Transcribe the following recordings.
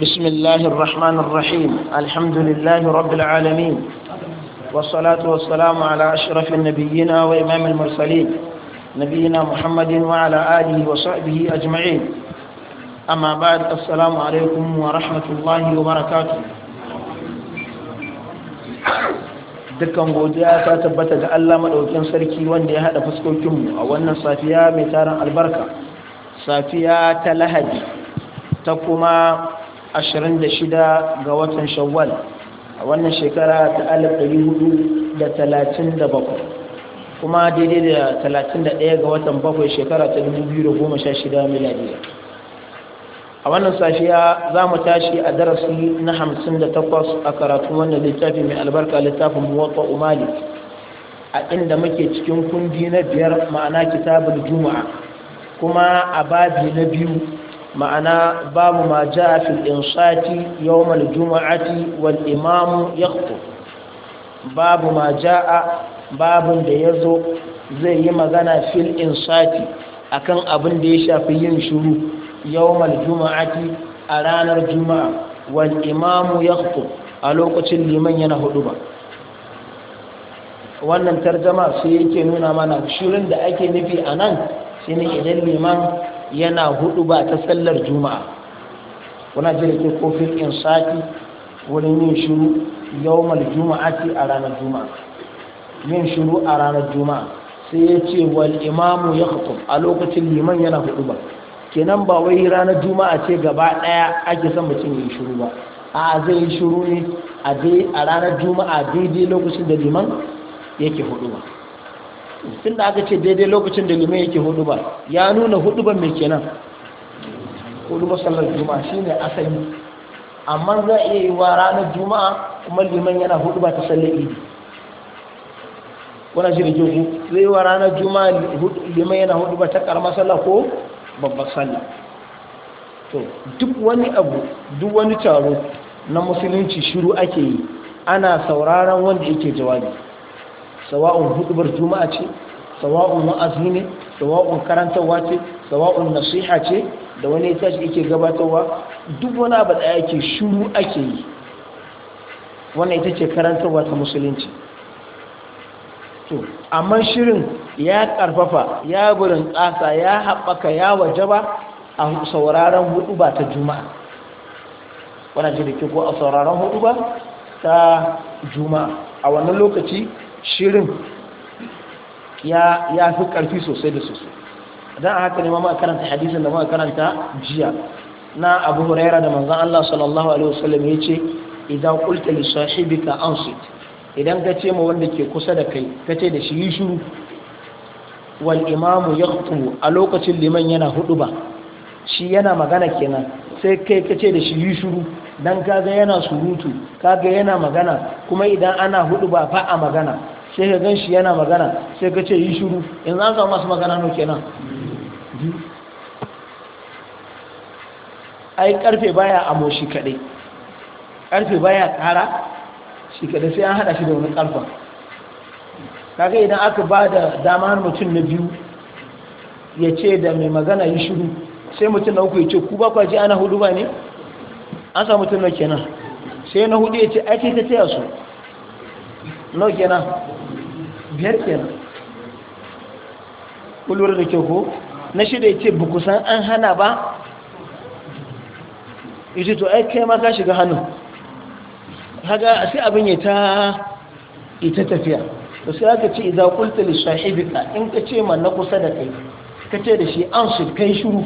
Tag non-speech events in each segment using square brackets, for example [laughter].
بسم الله الرحمن الرحيم الحمد لله رب العالمين والصلاة والسلام على أشرف النبيين وإمام المرسلين نبينا محمد وعلى آله وصحبه أجمعين أما بعد السلام عليكم ورحمة الله وبركاته dukkan godiya ta tabbata ga Allah madaukakin sarki wanda ya hada fuskokinmu a wannan safiya mai taron albarka safiya ta lahadi ta kuma 26 ga watan shawwal a wannan shekara ta 1437 kuma daidai da 31 ga watan bakwai shekara ta 2016 miladiya a wannan safiya za mu tashi a darasi na 58 a karatu wannan littafi mai albarka littafin muwatta umali a inda muke cikin kundi na biyar ma'ana kitabul juma'a kuma a babi na biyu ma'ana babu ma ja fil insati yawmal juma'ati wal imamu babu ma ja'a babun da yazo zai yi magana fil insati akan abin da ya shafi yin shiru yawmal juma'ati a ranar juma'a wal imamu a lokacin liman yana hudu ba wannan tarjama sai yake nuna mana shirin da ake nufi a nan shine idan liman yana hudu ba ta sallar juma'a kuna ji da ke kofin wurin yin shiru juma'a ce a ranar juma'a yin shuru a ranar juma'a sai ya ce wal imamu ya hukum a lokacin liman yana hudu ba kenan ba wai ranar juma'a ce gaba daya ake son mutum yin shuru ba a zai yi shuru ne a ranar juma'a daidai lokacin da liman yake hudu ba tun da aka ce daidai lokacin da liman yake hudu ba ya nuna hudu ba mai kenan hudu ba sallar juma'a shi ne asali amma za a iya yi wa ranar juma'a kuma liman yana hudu ba ta sallar idi kuna shi da kyau zai yi wa ranar juma'a liman yana hudu ba ta karama sallar ko babbar sallar to duk wani abu duk wani taro na musulunci shiru ake yi ana sauraron wanda yake jawabi sawa'un hudubar juma'a ce sawa'un wa'azi ne sawa'un karantarwa ce sawa'un nasiha ce da wani ya tashi yake gabatarwa duk wani abu da yake shuru ake yi wannan ita ce karantarwa ta musulunci to amma shirin ya karfafa ya burin ƙasa ya haɓaka ya wajaba a sauraron hudu ta juma'a wana ce da ko a sauraron hudu ta juma'a a wannan lokaci shirin ya fi ƙarfi sosai da sosai don haka ne ma karanta hadisun da ma karanta jiya na abu huraira da manzan Allah sallallahu alaihi wasallam ya ce idan kulta li an ansit idan ka ce ma wanda ke kusa da kai ka ce da shi yi shuru. wal imamu ya yaqtu a lokacin liman yana hudu ba shi yana magana kenan sai kai ka ce da shi yi shuru. dan kaga yana surutu kaga yana magana kuma idan ana hudu ba fa a magana sai ka gan shi yana magana sai ka ce yi shuru yanzu an samu masu magana no kenan ai karfe baya amo shi kadai karfe baya kara shi kadai sai an hada shi da wani karfa kaga idan aka ba da har mutum na biyu ya ce da mai magana yi shuru sai mutum na uku ya ce ku ba kwaji ana hudu ba ne an samu mutum na kenan sai na hudu ya ce ake ta taya su no kenan biyar kenan kulwar da ke ko na shida ya ce ba an hana ba ya ce to ai kai ma ka shiga hannu haga sai abin ya ta ita tafiya da sai aka ce ku kulta li in ka ce ma na kusa da kai ka ce da shi an su kai shiru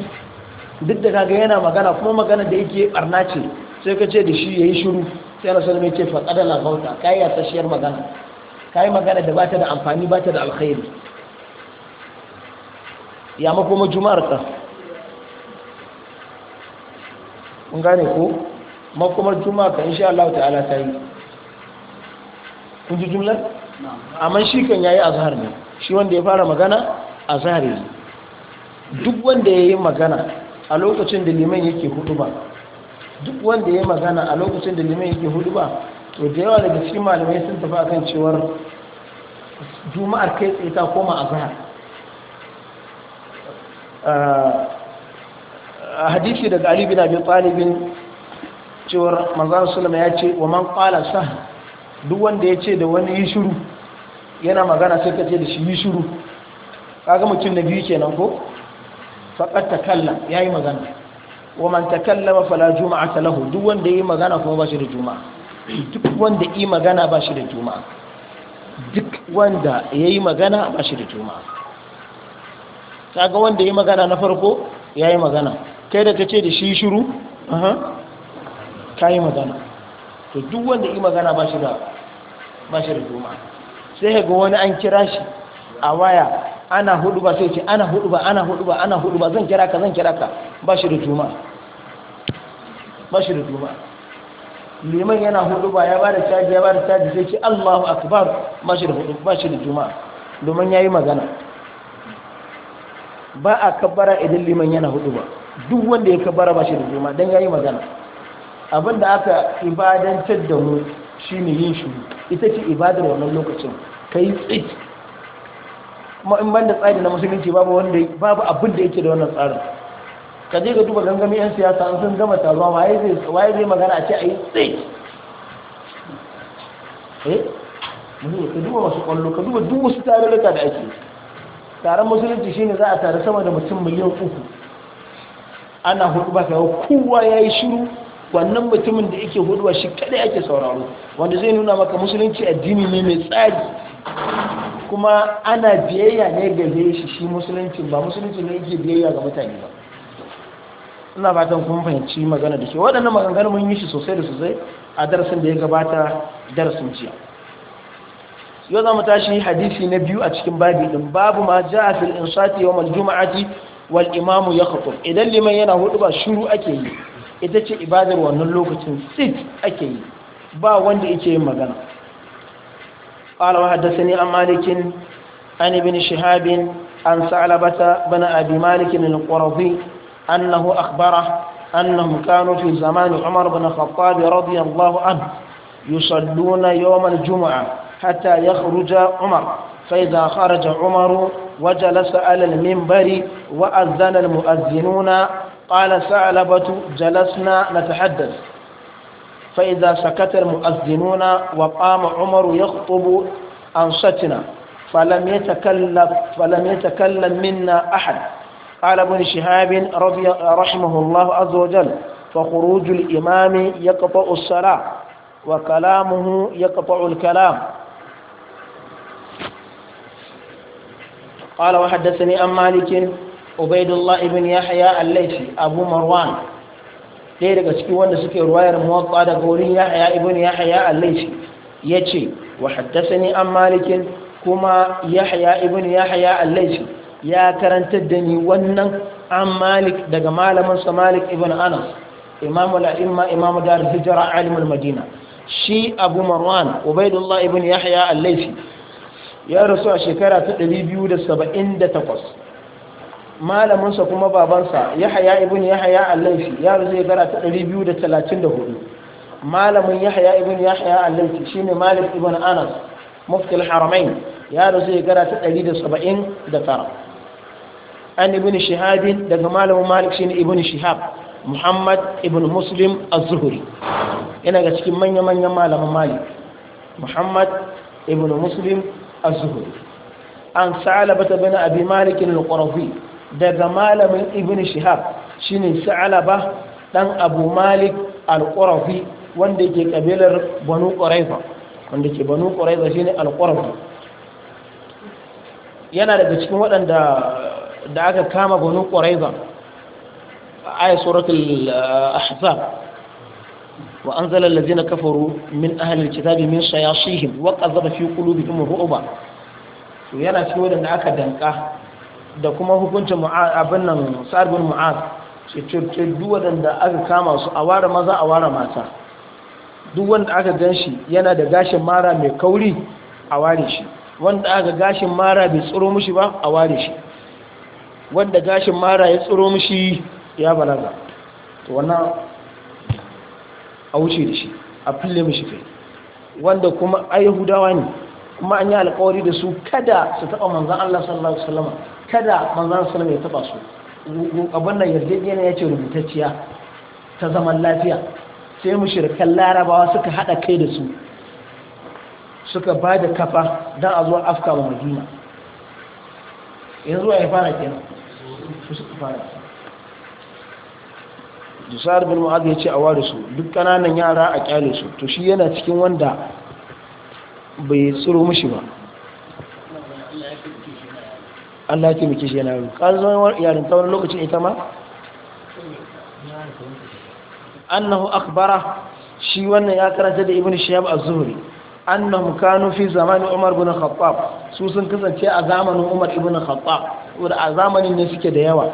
duk da kaga yana magana kuma magana da yake barna ce sai ka ce da shi ya yi shiru sai Allah sallama ya ce fa qadala bauta tashiyar magana ka yi magana da bata da amfani bata da alkhairi ya makoma juma'ar ka mun gane ko makomar juma'a ka insha Allah ta'ala ta yi kun ji jumlar amma shi kan yayi azhar ne shi wanda ya fara magana azhar ne duk wanda yayi magana a lokacin da liman yake huduba ba duk wanda ya magana a lokacin da liman yake huduba ba to da yawa daga cikin malamai sun tafi akan cewar juma'ar kai tsaye ta koma a zahar a hadisi daga ali bin abi talibin cewar manzan sulama ya ce wa man qala sa duk wanda ya ce da wani yi shiru yana magana sai ka ce da shi yi shiru kaga mutum na biyu kenan ko kalla takalla yi magana wa man mafala juma'a ta lahu duk wanda ya yi magana kuma ba shi da juma'a duk wanda yi magana ba shi da juma'a duk wanda ya yi magana ba shi da juma'a kaga wanda ya yi magana na farko ya yi magana kai da ta ce da shi shiru ka yi magana to duk wanda yi magana ba shi da juma'a sai ga wani an kira shi a waya ana hudu ba sai ce ana hudu ba ana hudu ba ana hudu ba zan kira ka zan kira ka ba shi da juma'a ba shi da juma'a liman yana hudu ba ya ba da caji ya ba da caji sai ce allahu akbar ba shi da hudu ba shi da juma'a domin ya yi magana ba a kabbara idan liman yana hudu ba duk wanda ya kabbara ba shi da juma'a don ya yi magana abin da aka ibadantar da mu shi ne yin shi ita ce ibadar wannan lokacin ka yi tsit kuma da tsari na musulunci babu abin da yake da wannan tsarin ka je ka duba gangami yan siyasa an sun gama taruwa waye zai waye zai magana a ce a yi tsaye eh mun ka duba masu kwallo ka duba duk wasu tarurruka da ake taron musulunci shine za a tare sama da mutum miliyan uku ana hudu ba kawo kowa ya yi shiru wannan mutumin da yake huduwa shi kadai ake sauraro wanda zai nuna maka musulunci addini ne mai tsari kuma ana biyayya ne ga shi shi musulunci ba musulunci ne yake biyayya ga mutane ba ina fatan kuma fahimci magana da ke waɗannan maganganu mun yi shi sosai da sosai a darasin da ya gabata darasin jiya yau za mu tashi hadisi na biyu a cikin babi din babu ma ja a fil insati wa mal juma'ati wal imamu ya khatub idan liman yana hudu ba shiru ake yi ita ce ibadar wannan lokacin sit ake yi ba wanda yake yin magana قال وحدثني عن مالك عن ابن شهاب عن سعلبة بن أبي مالك القرظي أنه أخبره أنهم كانوا في زمان عمر بن الخطاب رضي الله عنه يصلون يوم الجمعة حتى يخرج عمر فإذا خرج عمر وجلس على المنبر وأذن المؤذنون قال ثعلبة جلسنا نتحدث فإذا سكت المؤذنون وقام عمر يخطب أنصتنا فلم يتكلم, فلم يتكلم منا أحد قال ابن شهاب رضي رحمه الله عز وجل فخروج الإمام يقطع الصلاة وكلامه يقطع الكلام قال وحدثني عن مالك عبيد الله بن يحيى الليثي أبو مروان ɗaya daga ciki wanda suke ruwayar muwatta daga wurin yahya ibn yahya al-laysi yace wa haddathani an malikin kuma yahya ibn yahya al-laysi ya karantar da ni wannan an malik daga malamin sa malik ibn anas imamu la'imma imamu dar hijira alimul madina shi abu marwan ubaidullah ibn yahya al-laifi ya rasu a shekara ta 278 malaminsa kuma babansa yahya ibn yahya al-laifi ya a shekara ta 234 malamin yahya ibn yahya al-laifi shine malik ibn anas mufti haramain ya a shekara ta 179 an ibn shihabin daga malamin malik shine ibn shihab muhammad ibn muslim az-zuhri yana ga cikin manya-manyan malamin malik muhammad ibn muslim az-zuhri an sa'alaba bin abi malik al-qurafi daga malamin ibn shihab shine sa'alaba dan abu malik al-qurafi wanda yake kabilar banu quraiza wanda ke banu quraiza shine al-qurafi yana daga cikin waɗanda da aka kama banu ƙwaraiza a ayat suratul uh, ahzab wa anzala allazina kafaru min ahli alkitabi min shayashihim wa qadhaba fi qulubihim ru'ba to yana cikin wadanda aka danka da kuma hukuncin mu'az abin nan sa'ad bin mu'az ce ce wadanda aka kama su a ware maza a ware mata duk wanda aka ganshi yana da gashin mara mai kauri a ware shi wanda aka gashin mara bai tsoro mushi ba a ware shi wanda gashin mara ya tsoro mishi ya balaga to wannan a wuce da shi a fille mishi kai wanda kuma a yahudawa ne kuma an yi alkawari da su kada su taɓa manzan Allah sallallahu Alaihi wasallam kada manzan sallama ya taɓa su abin nan yarjejjena ya ce rubutacciya ta zaman lafiya sai mushirkan larabawa suka haɗa kai da su suka ba da kafa don a zuwa afka wa madina yanzu a ya fara kenan su bin mu'adh ya ce a ware su duk kananan yara a kyale su to shi yana cikin wanda bai tsiro mishi ba Allah ya taimake shi yana yaro ƙarzon yarin ta wani lokacin ita ma annahu akbara shi wannan ya karanta da ibn Shiyab az-zuhri annahum kanu fi zamanin umar bin khattab su sun kasance a zamanin umar ibn khattab saboda a zamanin ne suke da yawa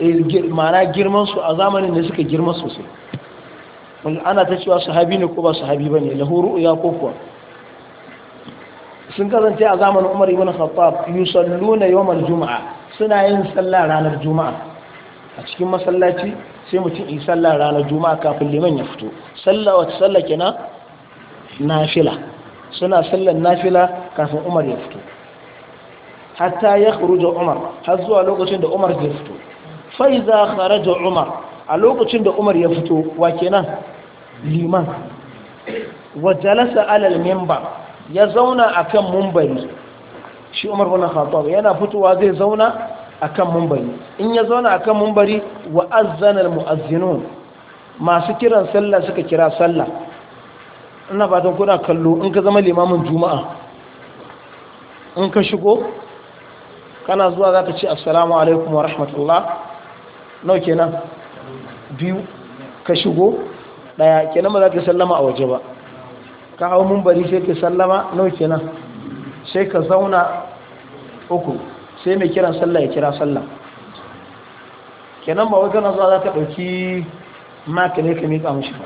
eh, mana girman su a zamanin ne suke girma sosai ana ta cewa su habi ne ko ba habi ba ne lahuru ya ko sun kasance a zamanin umar ibn khattab yusalluna yawmal juma'a suna yin sallah ranar juma'a a cikin masallaci sai mutum yi sallah ranar juma'a kafin liman ya fito sallah wata sallah kenan nafila suna sallan nafila kafin umar ya fito hatta ya kharuja umar har zuwa lokacin da umar ya fito fa iza kharaja umar a lokacin da umar ya fito wa kenan liman wa jalasa alal minbar ya zauna akan mumbari shi umar bin khattab yana fitowa zai zauna akan mumbari in ya zauna akan mumbari wa azana al muazzinun masu kiran sallah suka kira sallah ina fatan kuna kallo in ka zama limamin juma'a in ka shigo kana zuwa za ka ce assalamu alaikum wa rahmatullah nau kenan biyu ka shigo daya kenan ba za ka sallama a waje ba ka hau mun bari sai ka sallama nau kenan sai ka zauna uku sai mai kiran sallah ya kira sallah kenan ba wai kana zuwa za ka ɗauki maka ne ka miƙa mashi ba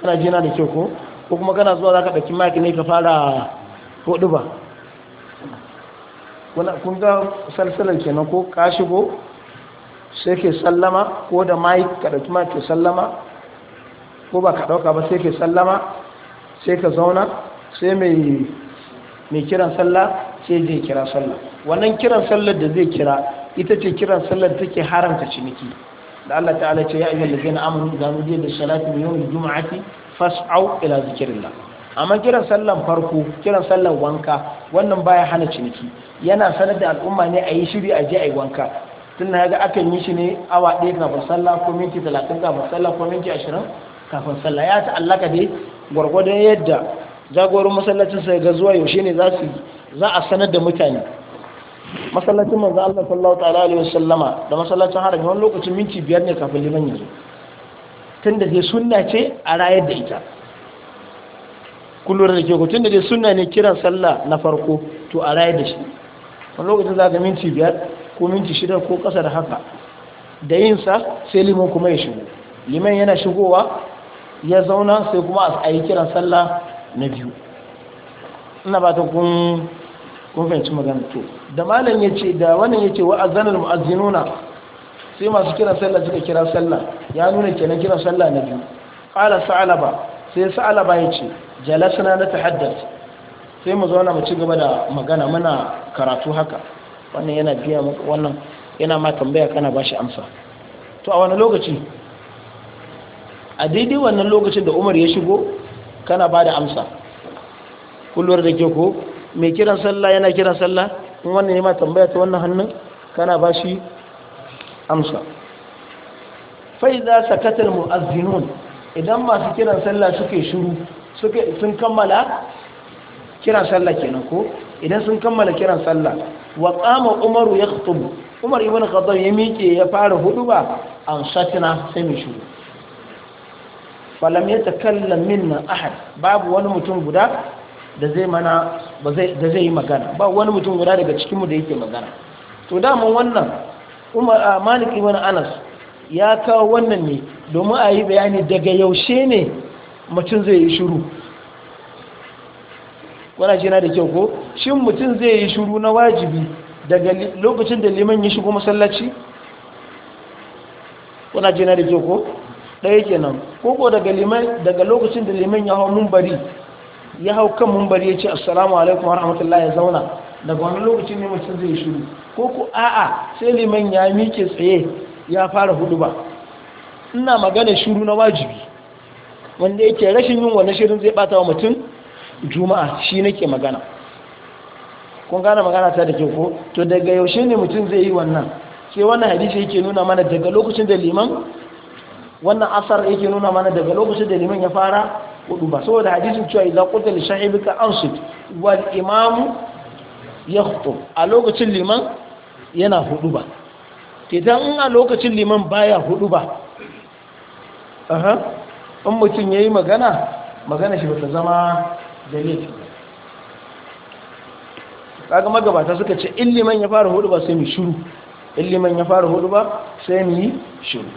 kana jina da kyau ko ko kuma kana zuwa za ka ɗauki maka ne ka fara hudu ba kun ga salsalar kenan ko ka shigo sai ke sallama ko da mai karatu ma ke sallama ko ba ka ɗauka ba sai ke sallama sai ka zauna sai mai kiran sallah sai zai kira sallah wannan kiran sallar da zai kira ita ce kiran sallar take haramta ciniki da Allah ta'ala ce ya ayyuhal ladzina amanu idza nudiya lis-salati min yawmil jum'ati fas'au ila zikrillah amma kiran sallan farko kiran sallan wanka wannan baya hana ciniki yana sanar da al'umma ne a yi shiri a je a yi wanka tun na ga akan yi shi ne awa ɗaya kafin sallah ko minti talatin kafin sallah ko minti ashirin kafin sallah ya allaka dai gwargwadon yadda jagorin masallacin sai ga zuwa yaushe ne za su za a sanar da mutane masallacin manzo Allah sallallahu ta'ala alaihi wasallama da masallacin harami wani lokacin minti biyar ne kafin liman ya zo tunda dai sunna ce a rayar da ita kullum da ke kutun da dai suna ne kiran sallah na farko to a raya da shi wani lokacin za ka minti biyar ko minti shida ko ƙasa da haka da yin sa sai liman kuma ya shigo liman yana shigowa ya zauna sai kuma a yi kiran sallah na biyu ina ba ta kun kun fahimci magana to da malam ya ce da wannan ya ce wa azanar mu'azzinuna sai masu kiran sallah suka kira sallah ya nuna kenan kiran sallah na biyu qala sa'alaba sai sa'alaba ya ce jalasna na tahaddas sai mu zauna mu ci gaba da magana muna karatu haka wannan yana biya wannan yana ma tambaya kana ba shi amsa to a wani lokaci a daidai wannan lokacin da umar ya shigo kana ba da amsa kullum da ke ko mai kiran sallah yana kiran sallah in wannan yana tambaya ta wannan hannun kana ba shi amsa fa'iza sakatar mu'azzinun idan masu kiran sallah suke shiru sun kammala kiran sallah kenan ko idan sun kammala kiran sallah wa qama umaru yakhutub umar ibn khattab ya miƙe ya fara huduba an satina sai mu shiru falam yatakallam minna ahad babu wani mutum guda da zai mana da zai yi magana ba wani mutum guda daga cikin mu da yake magana to mun wannan umar malik ibn anas ya kawo wannan ne domin a yi bayani daga yaushe ne mutum zai yi shiru wana jina da kyau ko shin mutum zai yi shiru na wajibi daga lokacin da liman ya shigo masallaci wana jina da kyau ko ɗaya kenan koko daga liman daga lokacin da liman ya hau mumbari ya hau kan mumbari ya ce assalamu alaikum wa rahmatullahi ya zauna daga wani lokacin ne mutum zai shiru koko a'a sai liman ya mike tsaye ya fara hudu ba ina magana shiru na wajibi wanda yake rashin yin wannan shirin zai bata wa mutum juma'a shi nake magana kun gane magana ta da ke ko to daga yaushe ne mutum zai yi wannan sai wannan hadisi yake nuna mana daga lokacin da liman wannan asar yake nuna mana daga lokacin da liman ya fara hudu ba saboda hadisin cewa idza qulta li sahibika ansit wal imamu yakhutub a lokacin liman yana hudu ba idan a lokacin liman baya hudu ba aha in mutum ya yi magana magana shi bata zama da laifi kaga magabata suka ce illiman ya fara hudu ba sai mu shiru illiman ya fara hudu ba sai mu yi shiru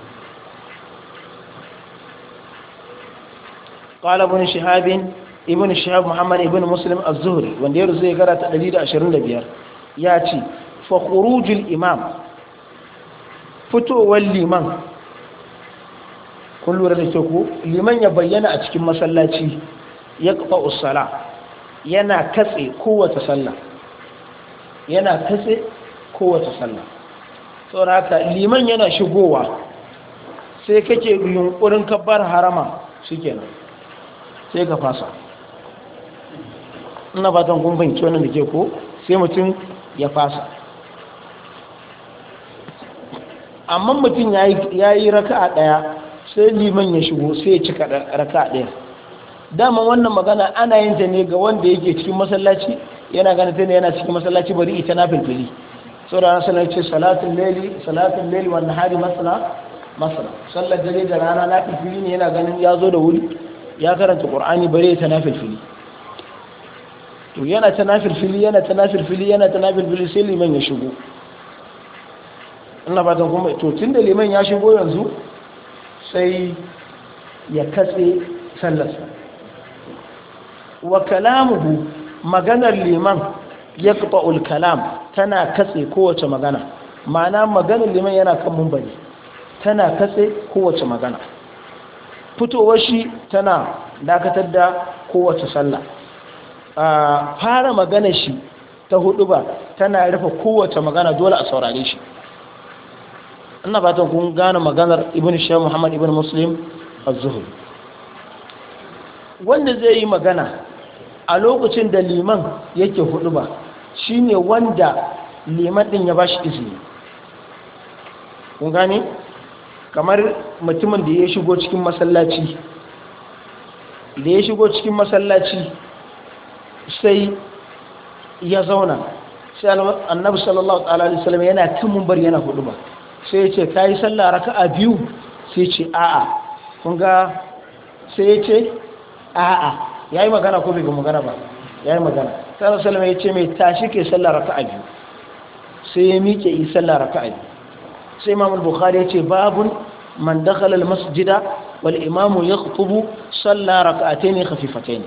قال shahabin Ibn shahab Muhammad Ibn ابن مسلم zuhri wanda ya rusu ya ta 125 ya ce fa khurujul imam fitowar liman kun lura da ke ko liman ya bayyana a cikin masallaci ya kafa usala yana katse kowace sallah yana katse kowace sallah saboda haka liman yana shigowa sai kake yunkurin kabbar harama shikenan sai ka fasa ina fatan kun fahimci wannan da ke ko sai mutum ya fasa amma mutum ya yi raka a ɗaya sai liman ya shigo sai ya cika raka ɗaya dama wannan magana ana yin ta ne ga wanda yake cikin masallaci yana gani ta ne yana cikin masallaci bari ita na filfili saboda na sanar ce salatin leli salatin leli wannan hari masana masana sallar dare da rana na filfili ne yana ganin ya zo da wuri ya karanta qur'ani bari ita na filfili to yana ta na filfili yana ta na filfili yana ta na filfili sai liman ya shigo ina fatan kuma to tun da liman ya shigo yanzu sai ya katse sallarsa wa kalamuhu maganar liman ya kafa kalam tana katse kowace magana ma'ana maganar liman yana kan mumbari tana katse kowace magana fitowar shi tana dakatar da kowace sallah fara magana shi ta hudu ba tana rufe kowace magana dole a saurare shi ina fatan kun gane maganar ibn shah muhammad ibn muslim az-zuhri wanda zai yi magana a lokacin da liman yake hudu ba shine wanda liman din ya bashi izini kun gane kamar mutumin da ya shigo cikin masallaci da ya shigo cikin masallaci sai ya zauna sai annabi sallallahu alaihi wasallam yana tumun bari yana hudu ba sai ce ta yi sallah a biyu sai ce a'a kun ga sai ya ce a'a ya yi magana ko bai ga magana ba ya yi magana tsarar salama ya ce mai tashi ke sallah a biyu sai ya miƙe yi sallah a biyu sai imam bukhari ya ce babun man dakhala al-masjida wal raka a taini raka'atayn ne?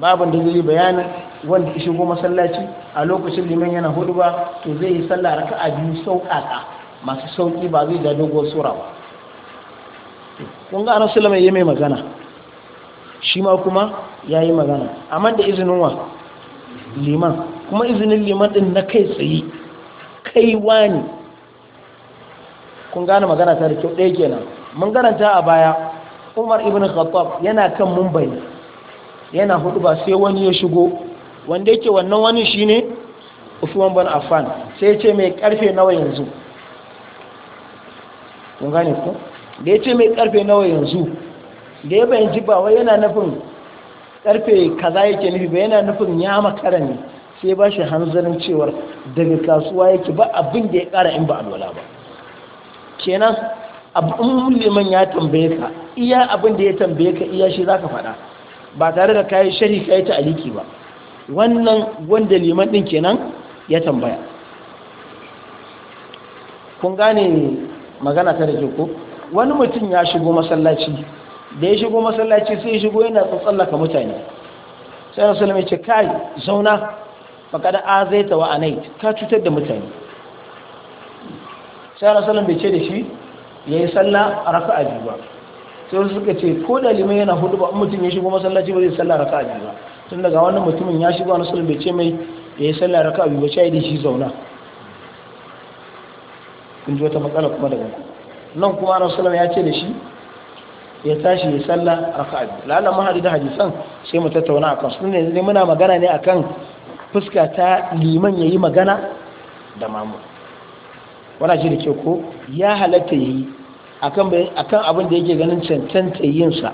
babun da zai bayanin wanda ya shigo masallaci a lokacin liman yana hudu ba to zai yi sallah a biyu sauƙaƙa masu sauki ba zai da dogon sura ba kun ga annabi sallama yayi mai magana shi ma kuma yayi magana amma da izinin wa liman kuma izinin liman din na kai tsaye kai wani kun gane magana ta da kyau ɗaya kenan mun garanta a baya umar ibn khattab yana kan mumbai yana hudu ba sai wani ya shigo wanda yake wannan wani shine Usman bin Affan sai ya ce mai karfe nawa yanzu kun gane ku da ya ce mai karfe nawa yanzu da ya bayanci ba wai yana nufin karfe kaza yake nufi ba yana nufin ya makara ne sai ba shi hanzarin cewar daga kasuwa yake ba abin da ya kara in ba alwala ba kenan abin liman ya tambaye ka iya abin da ya tambaye ka iya shi zaka faɗa ba tare da kayi shari kayi ta aliki ba wannan wanda liman din kenan ya tambaya kun gane magana ta da ko wani mutum ya shigo masallaci da ya shigo masallaci sai ya shigo yana tsallaka mutane sai na sulami ce kai zauna baka da azaita wa anai ka cutar da mutane sai na sulami bai ce da shi ya yi sallah a raka a biyu ba sai suka ce ko da limai yana hudu ba mutum ya shigo masallaci ba zai sallah raka a biyu ba tun daga wannan mutumin ya shigo na sulami bai ce mai ya yi sallah raka a biyu ba sai da shi zauna kun ji wata matsala kuma daga nan kuma na ya ce da shi ya tashi ya salla a biyu lalan mahadi da hadisan sai mu tattauna akan su ne zai muna magana ne akan fuska ta liman ya yi magana da mamu wana ji da ke ko ya halatta ya yi akan abin da yake ganin cancanta yinsa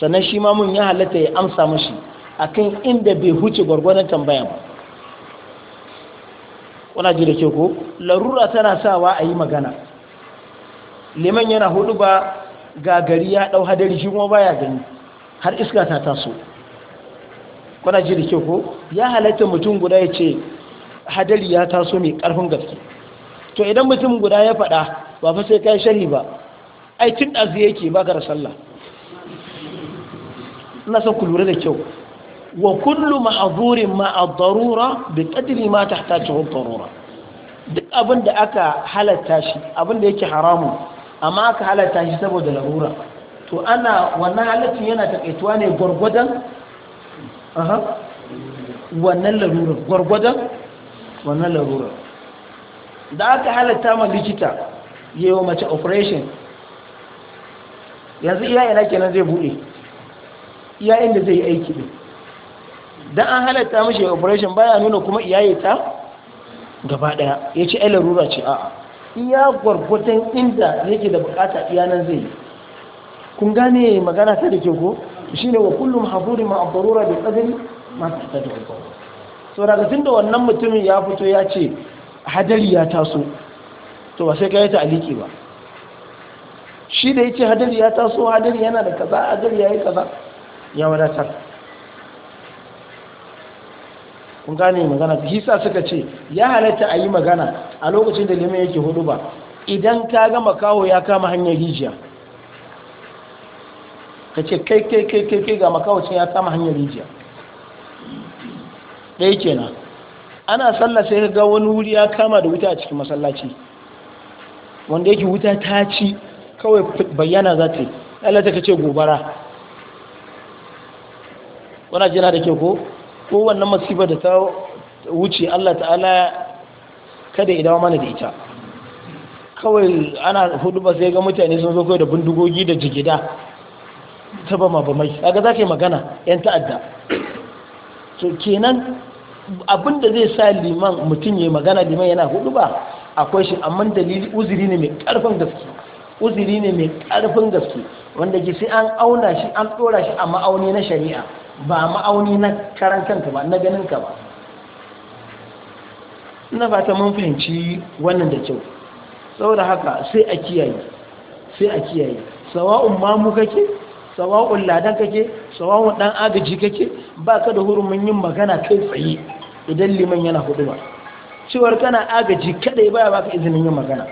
sannan shi mamun ya halatta ya amsa mashi akan inda bai huce gwargwadon tambaya ba kuna ji da ke ko larura tana sawa a yi magana liman yana hudu ba ga gari ya dau hadari shi kuma baya gani har iska ta taso kuna ji da ke ko ya halatta mutum guda ya ce hadari ya taso mai karfin gaske to idan mutum guda ya faɗa ba fa sai kai sharhi ba ai tun ɗazu yake ba ga sallah ina son ku lura da kyau wa kullu ma'azurin ma'adarura bi qadri ma tahtajuhu darura duk abin da aka halatta shi abin da yake haramu amma aka halatta shi saboda larura to ana wannan halaccin yana takaituwa ne gwargwadon aha wannan larura gwargwadon wannan larura da aka halatta ma likita ya yayin mace operation yanzu iya yana kenan zai buɗe, iya inda zai yi aiki din dan an halatta mishi operation baya nuna kuma iyaye ta gaba daya yace ai larura ce a'a iya gwargwadon inda yake da bukata iyanan zai kun gane magana ta da ke ko shine wa kullum hafuri ma al-darura bi qadri ma tahtaju so daga tunda wannan mutumin ya fito ya ce hadari ya taso to ba sai ka yi ta aliki ba shi da yace hadari ya taso hadari yana da kaza hadari ya kaza ya wadatar kun gane magana shi sa suka ce ya halatta a yi magana a lokacin da liman yake hudu ba idan ka gama kawo ya kama hanyar rijiya ka ce kai kai kai kai kai ga makawacin ya kama hanyar rijiya ɗaya kenan ana sallah sai ga wani wuri ya kama da wuta a cikin masallaci wanda yake wuta ta ci kawai bayyana za ta yi ta ce gobara wana jina da ke ko ko wannan masifa da ta wuce Allah ta'ala kada ya dawa mana da ita kawai ana hudu ba sai ga mutane sun zo kawai da bindigogi da jigida ta ba ma ba mai za ka yi magana yan ta'adda to kenan abin zai sa liman mutum ya magana liman yana hudu ba akwai shi amma dalili uzuri ne mai karfin gaske uzuri ne mai ƙarfin gaske wanda ke sai an auna shi an ɗora shi a ma'auni na shari'a ba ma'auni na karan kanka ba na ganin ba ina fata mun fahimci wannan da kyau saboda haka sai a kiyaye sai a kiyaye sawa'un mamu kake sawa'un ladan kake sawa'un dan agaji kake ka da hurumin yin magana kai tsaye idan liman yana hudu ba cewar kana agaji kadai baya baka izinin yin magana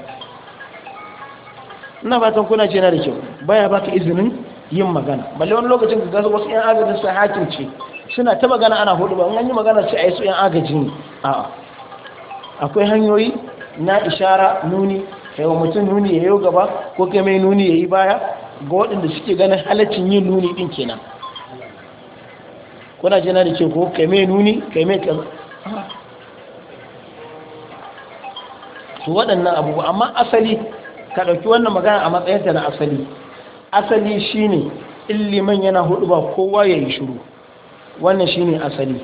ina fatan kuna ce na da kyau baya baka izinin yin magana balle wani lokacin ka gasa wasu yan agajin su hakim ce suna ta magana ana hudu ba an yi magana sai a yi su yan agaji ne akwai hanyoyi na ishara nuni wa mutum nuni ya yi gaba ko kai mai nuni ya yi baya ga waɗanda suke ganin halaccin yin nuni ɗin kenan kuna na da kyau, ko kai mai nuni kai mai kaza su waɗannan abubuwa amma asali ka ɗauki wannan magana a matsayinta na asali asali shine illiman yana hudu ba kowa ya yi shiru wannan shine asali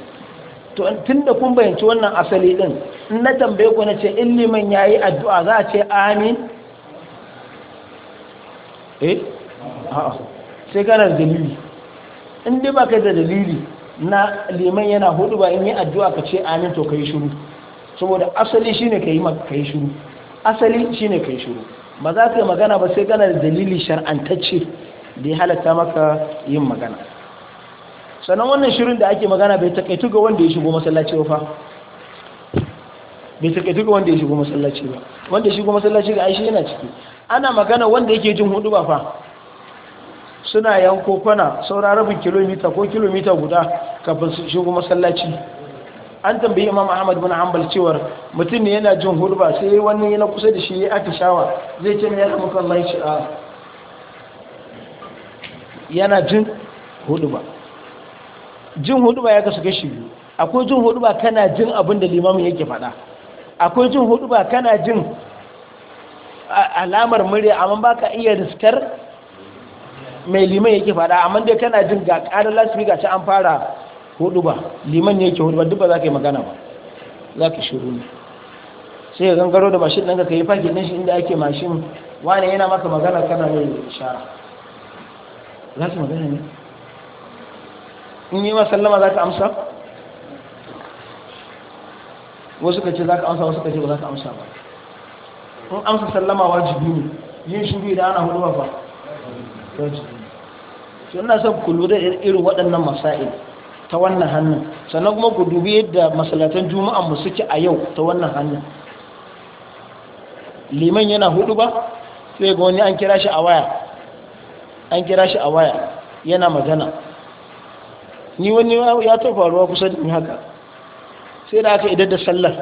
tun da kun bayanci wannan asali din in na tambaye ku na ce illiman ya yi addu'a za a ce amin eh sai kana dalili in dai ba kai da dalili na liman yana hudu ba in yi addu'a ka ce amin to ka yi shiru saboda asali shine ka yi shiru asali shine ka yi shiru ba za ka yi magana ba sai gana da dalili shar'antacce da ya halatta maka yin magana sannan wannan shirin da ake magana bai takaitu ga wanda ya shigo masallaci ba bai takaitu ga wanda ya shigo masallaci ba wanda ya shigo masallaci ga aishi yana ciki ana magana wanda yake jin hudu ba fa suna yanko kwana saura rabin kilomita ko kilomita guda kafin su shigo masallaci an tambayi imam ahmad bin hanbal cewar mutum ne yana jin hurba sai wani yana kusa da shi ya atishawa zai ce ya kama kan laishi a yana jin hurba jin hurba ya kasu kashi biyu akwai jin hurba kana jin abin da limamin yake faɗa akwai jin hurba kana jin alamar murya amma baka iya riskar mai liman yake faɗa amma dai kana jin ga ƙarar lasfika ce an fara hudu ba liman ne yake hudu ba duk ba za ka yi magana ba za ka shiru ne sai ya gangaro da mashin ɗanka ka yi fakin ɗin shi inda ake mashin wani yana maka magana kana mai shara za ka magana ne in yi sallama za ka amsa wasu ka ce za ka amsa wasu ka ce ba za ka amsa ba in amsa sallama wajibi ne yin shiru idan ana hudu ba ba wajibi ne. Shi ina son ku lura irin waɗannan masa'il ta wannan hannun sannan kuma ku dubi yadda masalatan juma'an mu suke a yau ta wannan hannun liman yana hudu ba sai ga wani an kira shi a waya an kira shi a waya yana magana ni wani ya ta faruwa kusa da haka sai da aka idar da sallar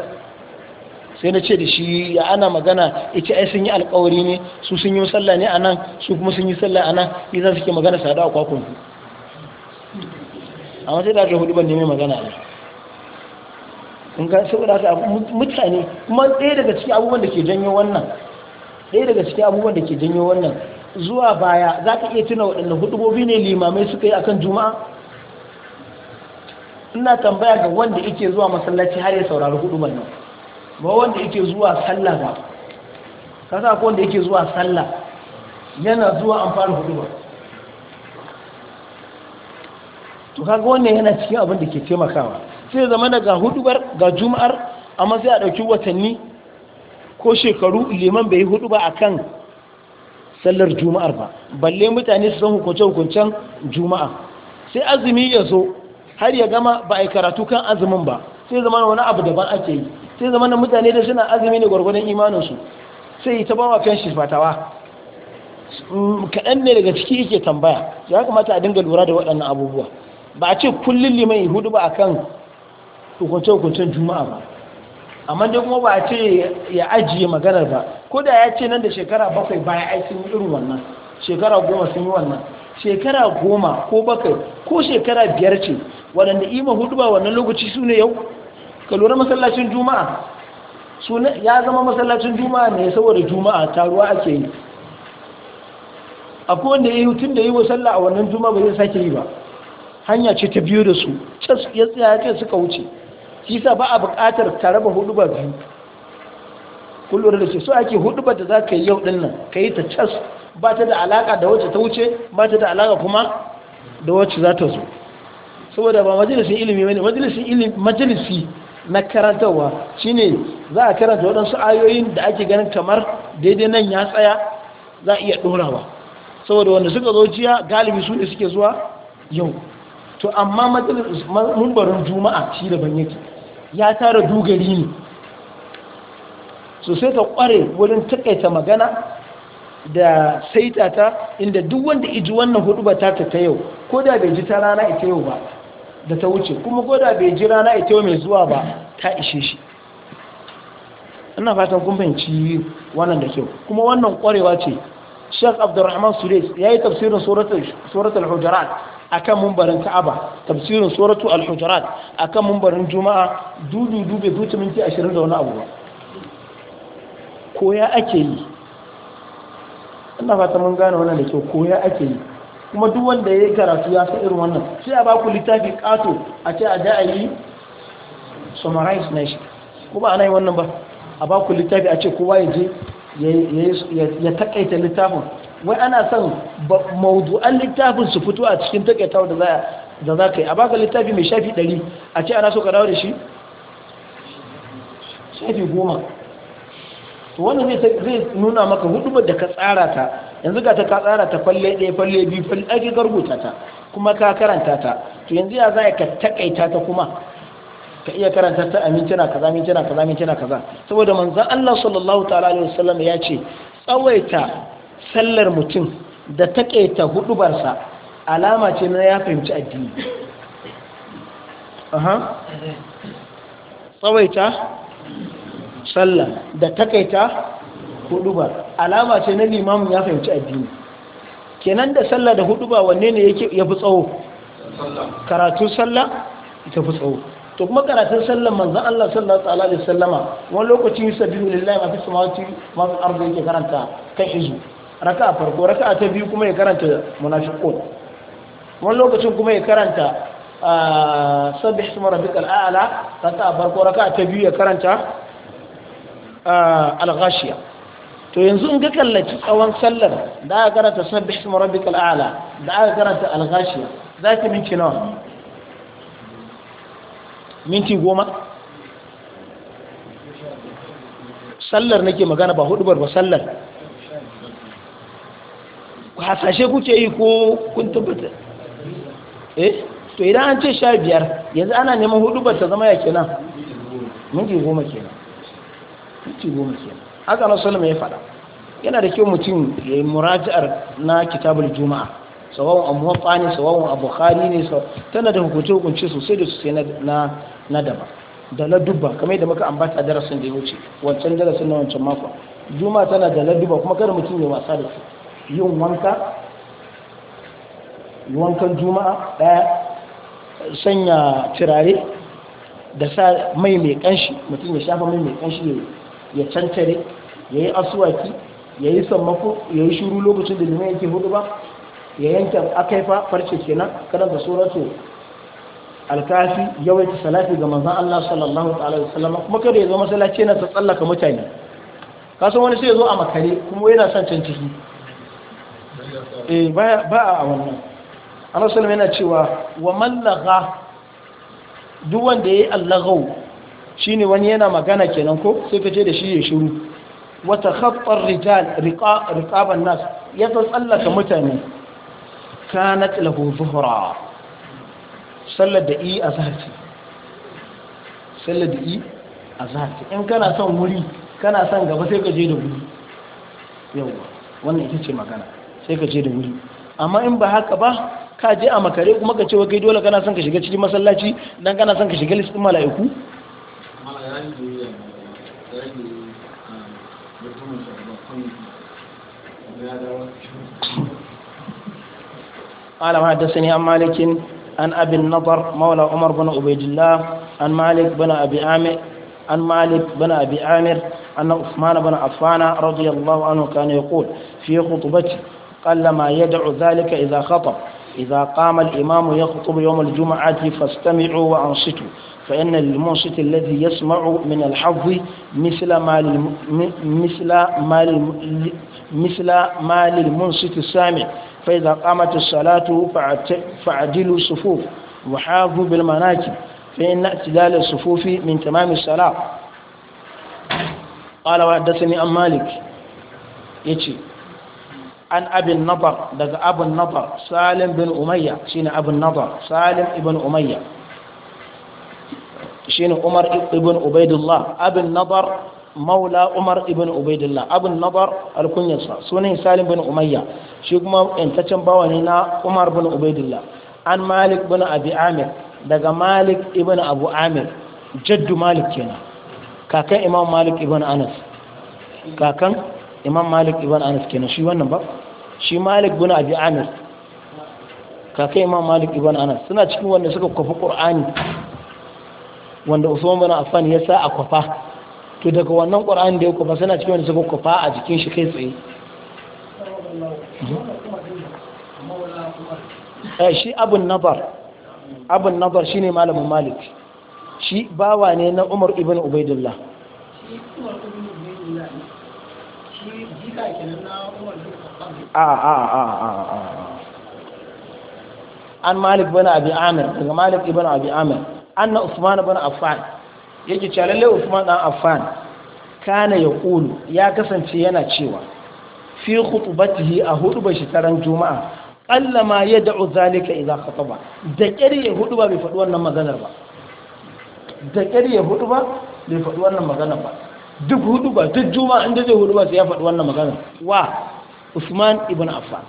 sai na ce da shi ya ana magana ita ai sun yi alkawari ne su sun yi sallah ne anan su kuma sun yi sallah a idan suke magana sada a kwakwunku amma sai da aka hudu ban neman magana ne in ka da aka mutane kuma ɗaya daga cikin abubuwan da ke janyo wannan ɗaya daga cikin abubuwan da ke janyo wannan zuwa baya za ka iya tuna waɗannan hudubobi ne limamai suka yi akan juma'a ina tambaya ga wanda yake zuwa masallaci har ya saurari ban nan ba wanda yake zuwa sallah ba kasa ko wanda yake zuwa sallah yana zuwa an fara ba. to kaga wannan yana cikin abin da ke taimakawa sai zama da ga hudubar ga juma'ar amma sai a ɗauki watanni ko shekaru liman bai yi hudu ba kan sallar juma'ar ba balle mutane su san hukunce-hukuncen juma'a sai azumi ya zo har ya gama ba a yi karatu kan azumin ba sai zama wani abu daban ake yi sai zama na mutane da suna azumi ne gwargwadon imaninsu sai ita ba wa shi fatawa mm, kaɗan ne daga ciki yake tambaya ya kamata a dinga lura da waɗannan abubuwa ba a ce kullum liman hudu ba kan hukunce-hukuncen juma'a ba amma dai kuma ba a ce ya ajiye maganar ba ko da ya ce nan da shekara bakwai bayan aikin irin wannan shekara goma sun yi wannan shekara goma ko bakwai ko shekara biyar ce waɗanda ima hudu ba wannan lokaci su ne yau ka lura masallacin juma'a ya zama masallacin juma'a ne saboda juma'a taruwa ake yi akwai wanda ya yi tun da yi wa sallah a wannan juma'a ba zai sake yi ba hanya ce ta biyu da su cas ya tsaya ce suka wuce shi sa ba a buƙatar ka raba hudu ba biyu kullum da ce so ake hudu ba da za ka yi yau ɗin nan ka yi ta cas ba ta da alaƙa da wacce ta wuce ba ta da alaƙa kuma da wacce za ta zo saboda ba majalisin ilimi ne majalisin ilimi majalisi na karantarwa shine za a karanta waɗansu ayoyin da ake ganin kamar daidai nan ya tsaya za a iya ɗorawa saboda wanda suka zo jiya galibi su ne suke zuwa yau to amma mumbarin juma'a shi daban yake ya tara dogari ne so sai ka kware wurin takaita magana da saita ta inda duk wanda iji wannan hudu ba ta ta yau ko da bai ji ta rana ita yau ba da ta wuce kuma ko da bai ji rana ita yau mai zuwa ba ta ishe shi ina fatan kun fahimci wannan da kyau kuma wannan kwarewa ce Sheikh Abdulrahman ya yi tafsirin suratul suratul akan mumbarin Ka'aba tafsirin suratu al-hujurat akan mumbarin Juma'a dudu dube zuci minti 20 da wani abu ba Ko ya ake yi ina fata mun gane wannan da kyau ya ake yi kuma duk wanda ya yi karatu ya san irin wannan sai a ba ku littafi kato a ce a da ayi yi summarize na shi kuma ana yi wannan ba a ba ku littafi a ce kowa ya je ya takaita littafin wai ana son an littafin su fito a cikin takaitawa da za za ka yi a baka littafi mai shafi ɗari a ce ana so ka dawo da shi shafi goma to wannan zai nuna maka hudubar da ka tsara ta yanzu ga ta ka tsara ta falle ɗaya falle biyu falle ake garbuta ta kuma ka karanta ta to yanzu ya za ka takaita ta kuma ka iya karanta ta mintuna kaza mintuna kaza mintuna kaza saboda manzon Allah sallallahu ta'ala alaihi wasallam ya ce tsawaita sallar mutum da taƙaita hudubarsa alama ce na ya fahimci addini aha tsawaita sallah da taƙaita hudubar alama ce na limamin ya fahimci addini kenan da sallah da hudubar wanne ne ya fi tsawo karatun sallah ita fi tsawo to kuma karatun sallar manzan Allah sallallahu alaihi wasallama wani lokacin yi sabi lillahi mafi samawati mafi arzu yake karanta kan izu raka a farko raka ta biyu kuma ya karanta munafiqun wani lokacin kuma ya karanta sabbih isma rabbikal a'la raka a farko raka ta biyu ya karanta al-ghashiya to yanzu in ga kallaci tsawon sallar da aka karanta sabbih isma rabbikal a'la da aka karanta al-ghashiya zaki minti nawa minti goma sallar nake magana ba hudu ba sallar hasashe kuke yi ko kun tabbata eh to idan an ce sha biyar yanzu ana neman hudu ba ta zama ya kenan minti goma kenan minti goma kenan haka na salama ya faɗa yana da kyau mutum ya yi murajiyar na kitabul juma'a sawawan a muwaffa ne sawawun a bukhari ne tana da hukunce hukunci sosai da sosai na daba da na dubba kamar yadda muka ambata darasin da ya wuce wancan darasin na wancan makon. juma'a tana da na dubba kuma kada mutum ya wasa da su yin wanka wankan juma'a ɗaya sanya turare da sa mai mai kanshi mutum ya shafa mai mai kanshi ya cantare ya yi asuwaki ya yi sammako ya yi shuru lokacin da limai yake hudu ba ya yanke akaifa farce kenan kada da suratu alkafi yawaita salafi ga manzan Allah sallallahu alaihi wasallam kuma kada ya zo masalaci yana ta tsallaka mutane kasan wani sai ya zo a makare kuma yana son can ciki eh ba a wannan anasul yana cewa wa mallaga duk wanda ya yi allagau ne wani yana magana kenan ko sai kace da shi ya shiru wata takhatta rijal riƙaɓar nas ya tsallaka mutane kanat lahu zuhura sallar da iya azhar sallar da iya azhar in kana son wuri kana son gaba sai ka je da wuri yau wannan ita ce magana sai ka je da wuri amma in ba haka ba ka je a makare kuma ka ce wa kai dole kana son ka shiga cikin masallaci dan kana son ka shiga listin mala'iku قال حدثني عن مالك عن أبي النضر مولى عمر بن عبيد الله عن مالك بن أبي عامر عن مالك بن أبي عامر أن عثمان بن عفان رضي الله عنه كان يقول في خطبته ما يدع ذلك إذا خطب إذا قام الإمام يخطب يوم الجمعة فاستمعوا وأنصتوا فإن للمنصت الذي يسمع من الحظ مثل ما مثل ما مثل ما للمنصت السامع فإذا قامت الصلاة فعدلوا الصفوف وحافظوا بالمناكب فإن اعتدال الصفوف من تمام الصلاة قال وحدثني أم مالك يتي an abin nadar daga abin nadar salim bin umayya shine abin nadar salim ibn umayya shine umar ibn ubaidullah abin nadar maula umar ibn ubaidullah abin nadar alkunyarsa sunan salim bin umayya shi kuma yantaccen bawa ne na umar bin ubaidullah an malik bin abi amir daga malik ibn abu amir jaddu malik kenan kakan imam malik ibn anas kakan imam malik ibn anas kenan shi wannan ba shi malik bin abi anas kai ma malik ibn anas suna cikin wanda suka kwafi qur'ani wanda usman bin affan ya sa a kwafa to daga wannan qur'ani da ya kwafa suna cikin wanda suka kwafa a jikin shi kai tsaye eh, shi abun nazar abun nazar shine malamin malik shi bawa ne na umar ibn ubaidullah an malik bin abi amir daga malik ibn abi amir na usman bin affan yake cewa lalle usman dan affan kana ya kulu ya kasance yana cewa fi khutbatihi a hudubar shi taran juma'a ya da'u zalika idza khataba da kiri ya hudu bai faɗi wannan maganar ba da kiri ya hudu ba bai faɗi wannan maganar ba duk hudu ba duk juma'a inda zai hudu ba sai ya faɗi wannan magana wa usman ibn affan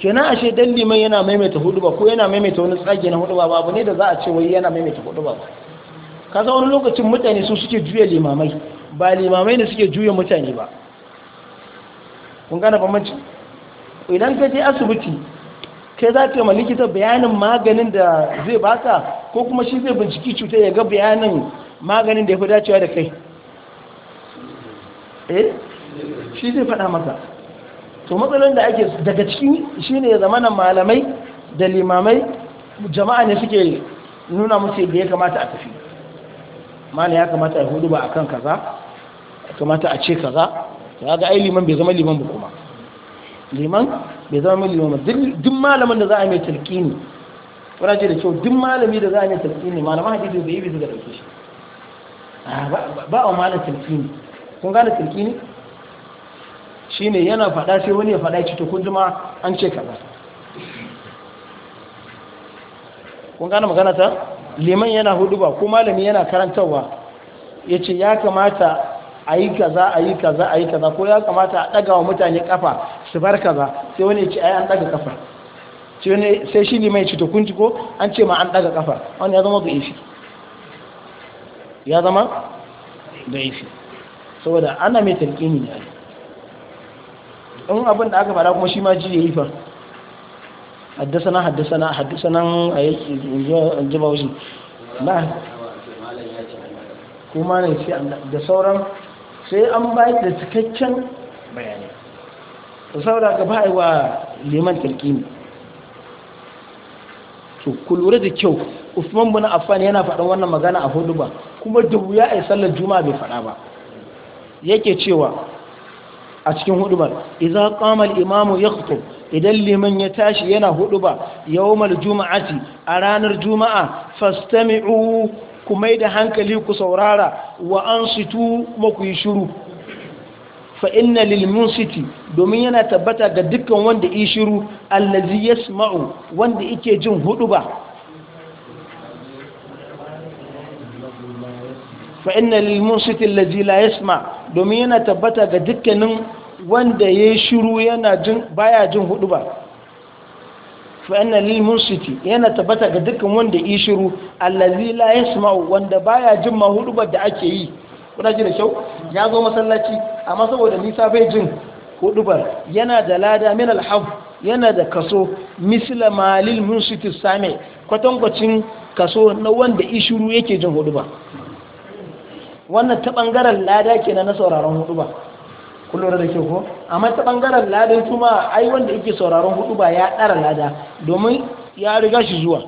kenan ashe dan liman yana maimaita hudu ba ko yana maimaita wani tsage na hudu ba abu ne da za a ce wai yana maimaita hudu ba kaza wani lokacin mutane su suke juya limamai ba limamai ne suke juya mutane ba kun gane bambanci idan ka je asibiti kai za ka yi likita bayanin maganin da zai baka ko kuma shi zai binciki cutar ya ga bayanin maganin da ya fi dacewa da kai eh shi zai faɗa masa to matsalolin da ake daga cikin shine ya malamai da limamai jama'a ne suke nuna musu da ya kamata a tafi mana ya kamata a hudu ba akan kaza ya kamata a ce kaza ya ga ai liman bai zama liman ba kuma liman bai zama liman ba duk malamin da za a mai talqini kuna ce da kyau duk malami da za a mai talqini malaman hadisi bai yi bisa da dauke shi ba a malam ne. kun gane kirki ne shi ne yana faɗa sai wani ya faɗa ci to kun jima an ce kaza kun gane magana ta liman yana hudu ba ko malami yana karantarwa ya ce ya kamata a yi kaza a yi kaza a yi kaza ko ya kamata a ɗaga wa mutane kafa su bar kaza sai wani ya ce ai an ɗaga kafa sai shi ne mai ci to kun ji ko an ce ma an ɗaga kafa wani ya zama da ifi ya zama da ishi saboda ana mai talƙini ne in abin da aka fara kuma shi ma ji ya yi fa haddasana haddasana haddasana a yi zuba wajen na kuma ne sai da sauran sai an bayar da cikakken bayanai da saura gaba yi wa liman talƙini to ku lura da kyau usman bin affan yana faɗin wannan magana a hudu ba kuma da wuya a yi sallar juma bai faɗa ba yake cewa a cikin hudubar idza qama imamu yakhutub idan liman ya tashi yana huduba yawmal juma'ati a ranar juma'a fastami'u ku mai da hankali ku saurara wa ansitu kuma ku yi shiru fa inna lil munsiti domin yana tabbata ga dukkan wanda yi shiru allazi yasma'u wanda yake jin huduba fa inna lil munsiti allazi la yasma domin yana tabbata ga dukkanin wanda yayi shiru yana jin baya jin hudu ba fa inna lil yana tabbata ga dukkan wanda yi shiru allazi la yasma wanda baya jin ma hudu ba da ake yi kuna ji da kyau ya zo masallaci amma saboda nisa bai jin hudu ba yana da lada min alhaf yana da kaso misla malil munsiti same kwatankwacin kaso na wanda yi shiru yake jin hudu ba wannan ta ɓangaren lada kenan na sauraron hudu ba kullum da ke ko amma ta ɓangaren ladan kuma ai wanda yake sauraron hudu ba ya ɗara lada domin ya riga shi zuwa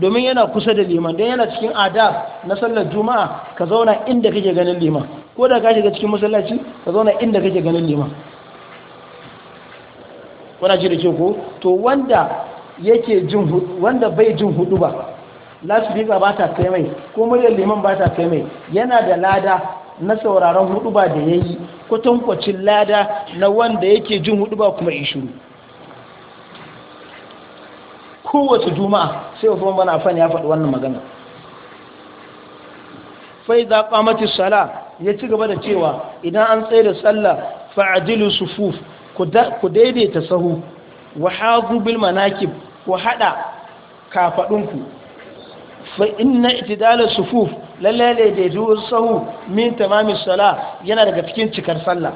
domin yana kusa da liman don yana cikin adab na sallar juma'a ka zauna inda kake ganin liman ko da ka shiga cikin masallaci ka zauna inda kake ganin liman kuna ji da ke ko to wanda yake jin wanda bai jin hudu ba lasbika ba ta kai mai ko muryar liman ba ta kai mai yana da lada na sauraron hudu ba da ya yi kwatankwacin lada na wanda yake jin hudu ba kuma shuru. kowace juma'a sai usman bana fan ya faɗi wannan magana fai za kamati sala ya ci gaba da cewa idan an tsaye da sallah fa'adilu sufuf ku daidaita sahu wa hagu bil manakib ku haɗa kafaɗunku. fa inna itidala sufuf lalle ne da duwar sahu min tamamin sala yana daga cikin cikar sallah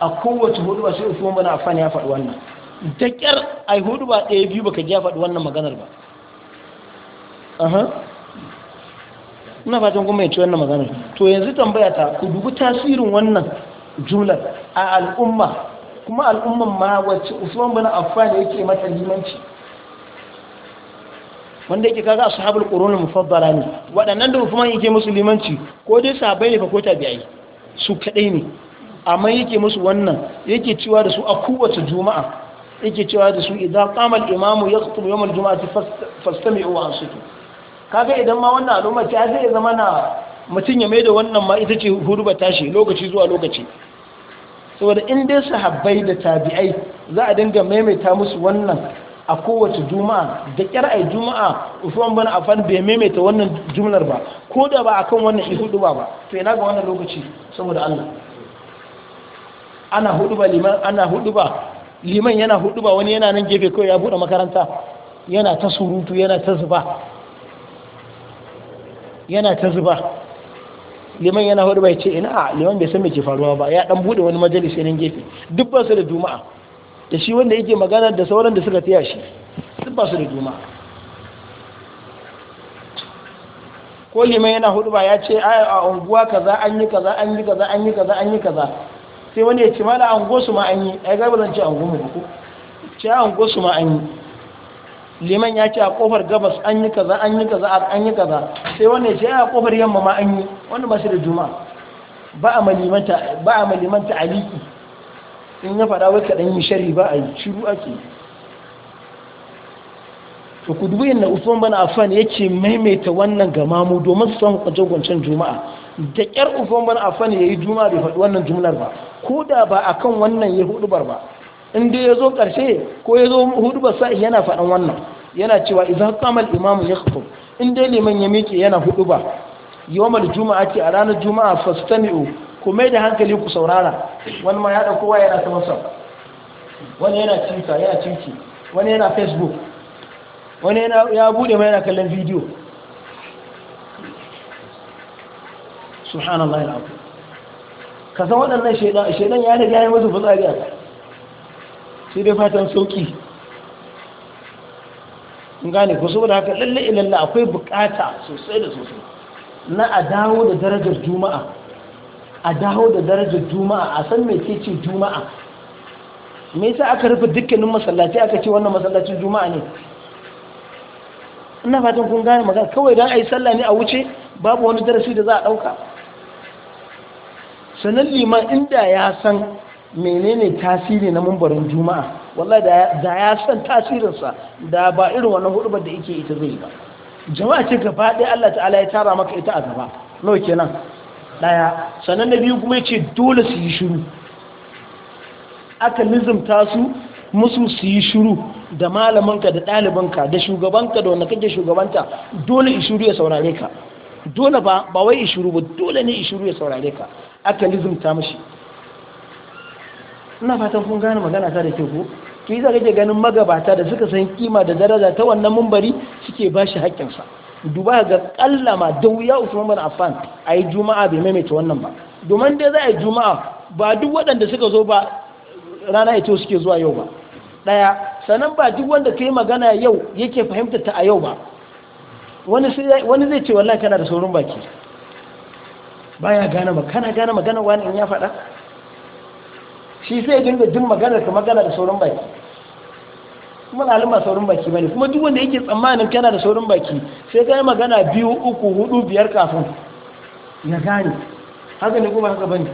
a kowace hudu ba sai usman bin affan ya faɗi wannan da kyar ai hudu ba ɗaya biyu ka ji ya faɗi wannan maganar ba ina fatan kuma ya ci wannan maganar to yanzu tambaya ta ku dubi tasirin wannan jumlar a al'umma kuma al'umman ma wacce usman bin affan yake mata limanci wanda yake kaga ashabul qurun mufaddala ne waɗannan da Uthman yake musu limanci ko dai sahabbai ne fa ko tabi'ai su kadai ne amma yake musu wannan yake cewa da su a kowace juma'a yake cewa da su idan qama al-imamu yaqtubu yawm al-jum'ati fastami'u wa ansitu kaga idan ma wannan al'umma ta zai zama na mutum ya mai da wannan ma ita ce huduba tashi lokaci zuwa lokaci saboda in dai sahabbai da tabi'ai za a dinga maimaita musu wannan a kowace juma'a da kyar ai juma'a usman bin affan bai maimaita wannan jumlar ba ko da ba akan wannan ihudu ba ba to ina ga wannan lokaci saboda Allah ana hudu ba liman ana hudu ba liman yana hudu ba wani yana nan gefe kawai ya bude makaranta yana ta surutu yana ta zuba yana ta zuba liman yana hudu ba ya ce ina liman bai san me ke faruwa ba ya dan bude wani majalisi nan gefe duk ba su da juma'a da shi wanda yake magana da sauran da suka taya shi duk ba su da juma'a ko liman yana hudu ba ya ce a unguwa kaza an yi kaza an yi kaza an yi kaza an yi kaza sai wani ya ce mana an gosu ma an yi ai gaba zan ce an gomu ko. ce an gosu ma an yi liman ya ce a kofar gabas an yi kaza an yi kaza an yi kaza sai wani ya ce a kofar yamma ma an yi Wani ba shi da juma'a ba a malimanta ba a malimanta aliki in ya fada wai kaɗan yi shari ba a yi shiru ake to ku dubi inda Usman bin Affan yake maimaita wannan gamamu mamu domin su san hukuncen juma'a da ƙyar Usman bin ya yayi juma'a bai faɗi wannan jumlar ba ko da ba kan wannan ya hudubar ba in dai yazo ƙarshe ko yazo hudubar sa yana faɗan wannan yana cewa idza qama al-imam yakhutub in dai liman ya miƙe yana huduba yawmal juma'ati a ranar juma'a fastami'u ku mai da hankali ku saurara wani ma ya ɗauko waya yana ta whatsapp wani yana cinta yana cinci wani yana facebook wani ya bude mai yana kallon bidiyo subhanallah ya abu ka san waɗannan shaidan shaidan ya riga ya masu fitsari a sai dai fatan sauki in gane ku saboda haka lalle ilalla akwai bukata sosai da sosai na a dawo da darajar juma'a a dawo da darajar juma'a a san mai ce ce juma'a me yasa aka rufe dukkanin masallaci aka ce wannan masallacin juma'a ne ina fatan kun gane magana kawai don a yi sallah ne a wuce babu wani darasi da za a ɗauka sanan liman inda ya san menene tasiri na mumbarin juma'a wallahi da ya san tasirinsa da ba irin wannan hudubar da yake ita zai ba jama'a ce gaba ɗaya Allah ta'ala ya tara maka ita a gaba nawa kenan daya sannan na biyu kuma ce dole su yi shiru aka lizumta su musu su yi shiru da malamanka da ɗalibanka da shugabanka da wanda kake shugabanta dole shuru ya saurare ka dole ba ba wai shuru ba dole ne shuru ya saurare ka aka ta mashi ina fatan kun gane magana ta da ke ko ki za kake ganin magabata da suka san kima da daraja ta wannan mumbari suke bashi haƙƙinsa duba ga kallama da wuya usman bin affan a yi juma'a bai maimaita wannan ba domin dai za a yi juma'a ba duk waɗanda suka zo ba rana ito suke zuwa yau ba ɗaya sannan ba duk wanda ka yi magana yau yake fahimtar ta a yau ba wani zai ce wallahi kana da saurin baki baya gane ba kana gane magana wani in ya faɗa shi sai dinga duk magana ka magana da saurin baki kuma ɗalin ba saurin baki bane kuma duk wanda yake tsammanin kana da saurin baki sai ka yi magana biyu uku hudu biyar kafin ya gane haka ne kuma haka bane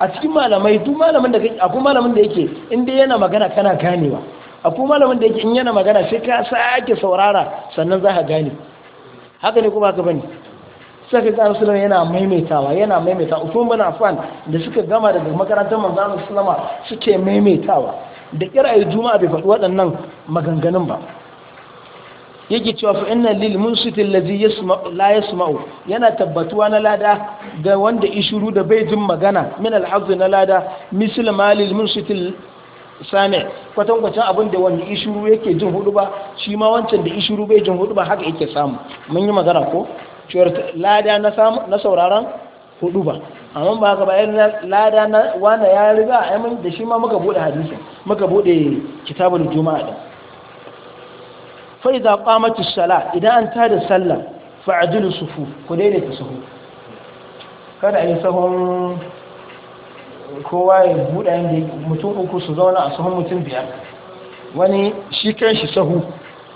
a cikin malamai duk malamin da kake akwai malamin da yake in dai yana magana kana ganewa akwai malamin da yake in yana magana sai ka sake saurara sannan za ka gane haka ne kuma haka bane sai ka ga sallama yana maimaitawa yana maimaita usman bin affan da suka gama daga makarantar manzo sallama suke maimaitawa da kirayi juma'a bai faɗi waɗannan maganganun ba yake cewa fa lil munsiti allazi yasma la yana tabbatuwa na lada ga wanda ishuru da bai jin magana min alhazi na lada misil ma lil munsiti sami kwatan kwatan abin da wani ishuru yake jin hudu ba shi ma wancan da ishuru bai jin hudu ba haka yake samu mun yi magana ko cewar lada na sauraron hudu ba amma ba haka ba lada na wanda ya riga a yamin da shi ma muka bude hadisin muka bude kitabul juma'a din fa idza qamat as idan an da sallah fa adilu sufu ku daidaita sahu kada a yi sahun kowa ya buɗe inda mutum uku su zauna a sahun mutum biyar wani shi kan shi sahu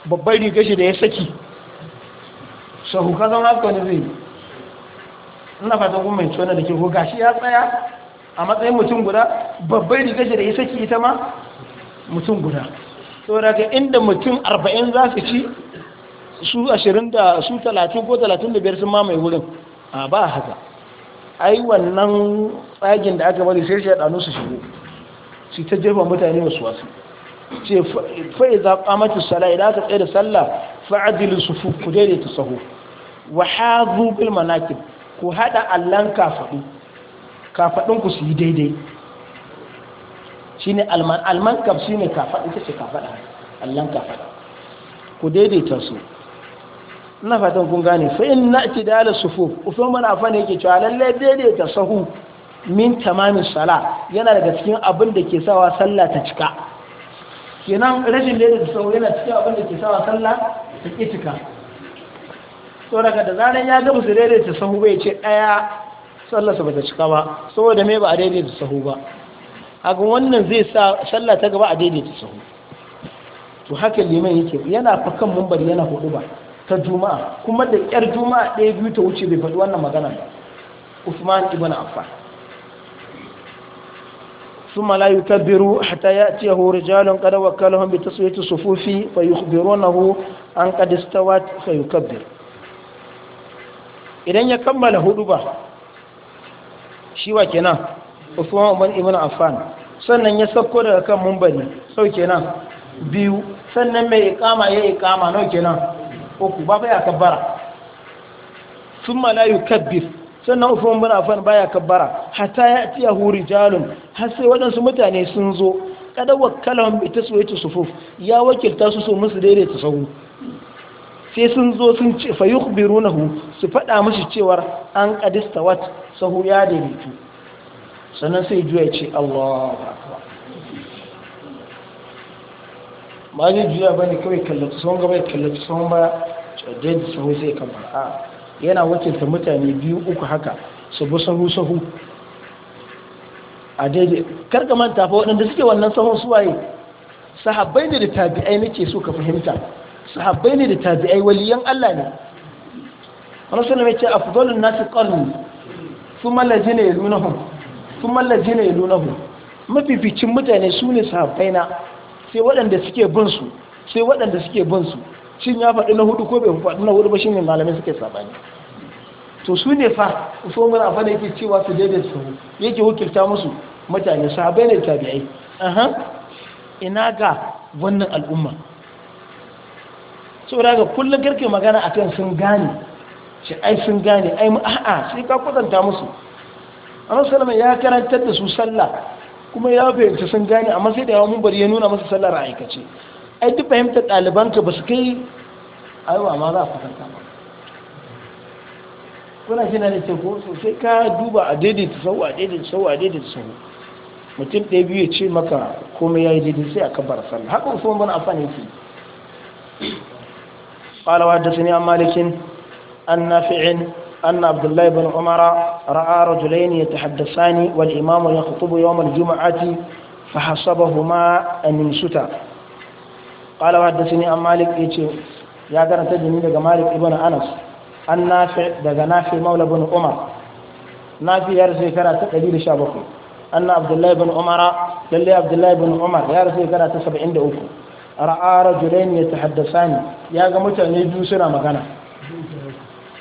babbar riga shi da ya saki sahu ka zama haka ne zai ina fatan kuma mai tsona da ke ko gashi ya tsaya a matsayin mutum guda babbai riga da ya saki ita ma mutum guda saboda ga inda mutum arba'in za su ci su ashirin da su talatin ko talatin da biyar sun mamaye wurin a ba haka ai wannan tsagin da aka bari sai shaɗanu su shigo su ta jefa mutane wasu wasu ce fa'i za ƙamata sala idan aka tsaye da sallah fa'adilin su ku daidaita sahu wa hazu bil manakib ku haɗa allon kafaɗu kafaɗunku su yi daidai shi ne alman alman kaf shi ne kafaɗa ta ce kafaɗa allon kafaɗa ku daidaita su na fatan kun gane fa in na ci da ala sufu ufin mana afa ne yake cewa lallai daidaita sahu min tamamin sala yana daga cikin abin da ke sawa sallah ta cika kenan rashin daidaita sahu yana cikin abin da ke sawa sallah ta cika so daga da zanen ya su daidai daidaita sahu bai ce ɗaya sallarsa ba ta cika ba saboda mai ba a daidaita sahu ba haka wannan zai sa sallah ta gaba a daidaita sahu to haka liman yake yana fa kan yana hudu ba ta juma'a kuma da ƙyar juma'a ɗaya biyu ta wuce bai faɗi wannan magana ba usman ibn affan ثم لا يكبر حتى يأتيه رجال قد وكلهم بتصويت الصفوف فيخبرونه أن قد استوت فيكبر idan ya kammala hudu ba shi wa kenan usman ibn ibn affan sannan ya sauko daga kan mumbari sau kenan biyu sannan mai ikama ya ikama nau kenan uku ba baya kabbara sun ma layu kabbir sannan usman ibn affan baya kabbara hatta ya tiya huri jalun har sai waɗansu mutane sun zo kada wakkalan ita su yace sufuf ya wakilta su so musu daidaita sahu sai sun zo sun ce fa yukhbirunahu su faɗa mashi cewar an qadista wat sahu ya daidaitu sannan sai juya ya ce Allahu akbar ba zai juya bane kawai kallata sahun gaba ya kallata sahun ba jaddai sahu sai ba a yana wakilta mutane biyu uku haka su bi sahu sahu a daidai karka manta fa waɗanda suke wannan sahun suwaye sahabbai da tabi'ai nake so ka fahimta sahabbai ne da tabi'ai waliyan Allah ne rasul mai ce afdalun nasi qarni thumma allazina yalunahum thumma allazina yalunahum mafificin mutane su ne sahabbai na sai waɗanda suke bin su sai waɗanda suke bin su shin ya faɗi na hudu ko bai faɗi na hudu ba shine malamai suke sabani to su ne fa mun afa da yake cewa su daidai su yake wakilta musu mutane sahabbai ne tabi'ai aha ina ga wannan al'umma saboda ga kullum garke magana akan sun gane shi ai sun gane ai mu a'a sai ka kwatanta musu amma salama ya karantar da su sallah kuma ya fahimci sun gane amma sai da yawon mun bari ya nuna musu sallar a aikace ai duk fahimtar ɗalibanka ba su kai aiwa ma za a kwatanta ba kuna shi na da ko sosai ka duba a daidaita sau a daidaita sau a daidaita sau mutum ɗaya biyu ya ce maka komai ya yi daidai sai a kabar sallah haka usman amfani affan yake قال وحدثني عن مالك عن نافع أن عبد الله بن عمر رأى رجلين يتحدثان والإمام يخطب يوم الجمعة فحسبهما أن ينستا قال وحدثني عن مالك يتي يا كان تجني دغ مالك ابن أنس عن نافع دغ نافع مولى بن عمر نافع يرسي كرا تقليل شابكم أن عبد الله بن عمر للي عبد الله بن عمر يرسي كرا تسبعين دعوكم ra'a rajulain yatahaddasani ya ga mutane biyu suna magana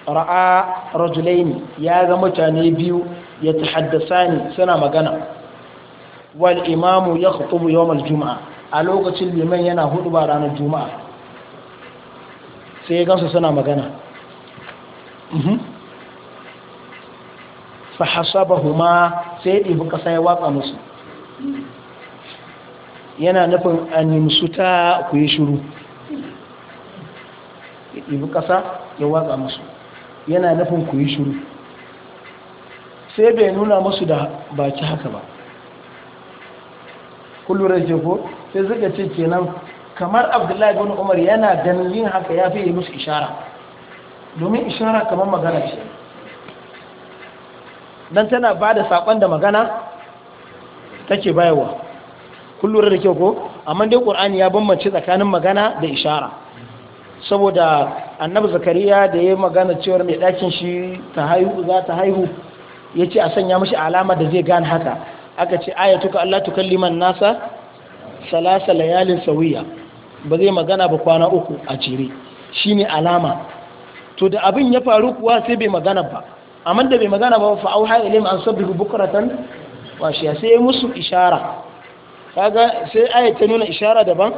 ra'a rajulain ya ga mutane biyu yatahaddasani suna magana wal imamu yakhutubu yawm al juma'a a lokacin liman yana hudu ba ranar juma'a sai ya suna magana mhm. fa hasabahuma sai ya ɗibi ƙasa ya watsa musu yana nufin an yi musu ta ku yi shuru ya ɗibi ƙasa ya watsa musu yana nufin ku yi shuru sai bai nuna musu da baki haka ba kullum da ko sai suka ce kenan kamar abdullahi bin umar yana ganin yin haka ya fi yi musu ishara domin ishara kamar magana ce don tana ba da saƙon da magana take bayarwa kun da kyau ko amma dai qur'ani ya bambance tsakanin magana da ishara saboda annabi zakariya da ya magana cewar mai ɗakin shi ta haihu za ta haihu ya ce a sanya mashi alama da zai gane haka aka ce ayatuka Allah kalliman nasa salasa layalin sawiya ba zai magana ba kwana uku a cire shine alama to da abin ya faru kuwa sai bai magana ba amma da bai magana ba fa auha ilim an sabbihu bukratan washiya sai musu ishara kaga sai aya ta nuna ishara daban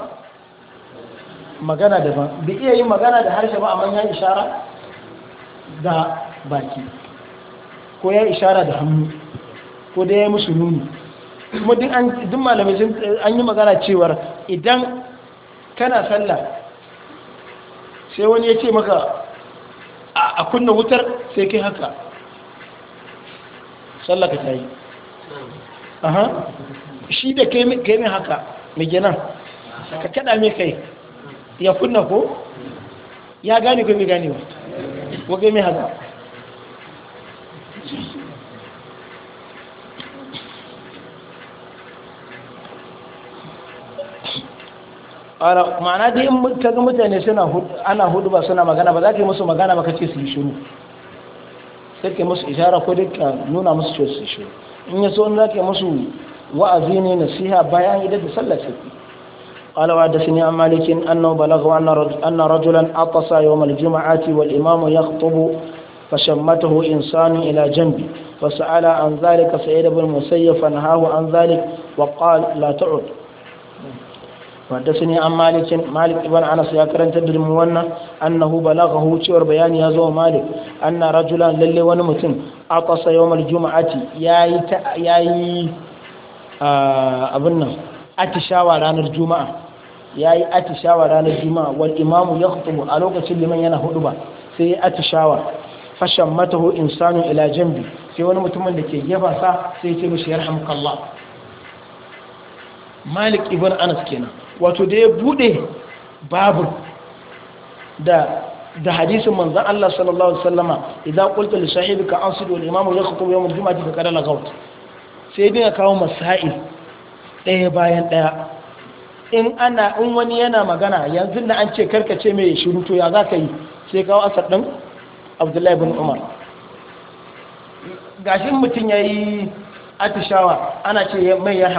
magana daban bi iya yin magana da harshe ba amma ya ishara da baki ko ya ishara da hannu ko da ya musu nuni kuma duk an malamai sun an yi magana cewar idan kana sallah sai wani ya ce maka a kunna wutar sai kai haka sallah ka tayi aha shi da ke mai haka mai gina ka kada mai kai ya kunna ko ya gane ko mai gane ba ko kai haka ara ma'ana da in ka ga mutane suna ana hudu ba suna magana ba za ka yi musu magana ba ka ce su yi shiru sai ka musu ishara ko dai ka nuna musu ce su yi shiru in ya so za ka masu wa’azi ne na siya bayan idan da sallace ku da su a malikin annan balagawa annan rajulan akwasa yau mal jima'ati wal imamu ya kubu fashen matahu insanin ila jambi wasu ala an zalika sa'idabin musayyafan hahu an zalik وحدثني عن malik مالك ابن انس يا كرنت wannan وانا انه بلغه cewar bayani ya zo malik anna rajulan lalle wani mutum aqasa yawmal jumu'ati yayi yayi abin nan atishawa ranar juma'a yayi atishawa ranar juma'a wal imamu yakhutubu a lokacin liman yana ba sai atishawa fashammatahu insanu ila jambi sai wani mutumin da ke gefa sa sai ya ce mishi yarhamukallah malik ibn anas kenan wato da ya bude babu da da hadisin manzon Allah sallallahu alaihi wasallama idan qulta li sahibika ansid wal imamu yakhutubu yawm al-jum'ati fa kadala gaut sai dinga kawo masail daya bayan daya in ana in wani yana magana yanzu da an ce karkace mai shiru to ya zaka yi sai kawo asar ɗin abdullahi bin umar gashin mutum yayi atishawa ana ce mai ya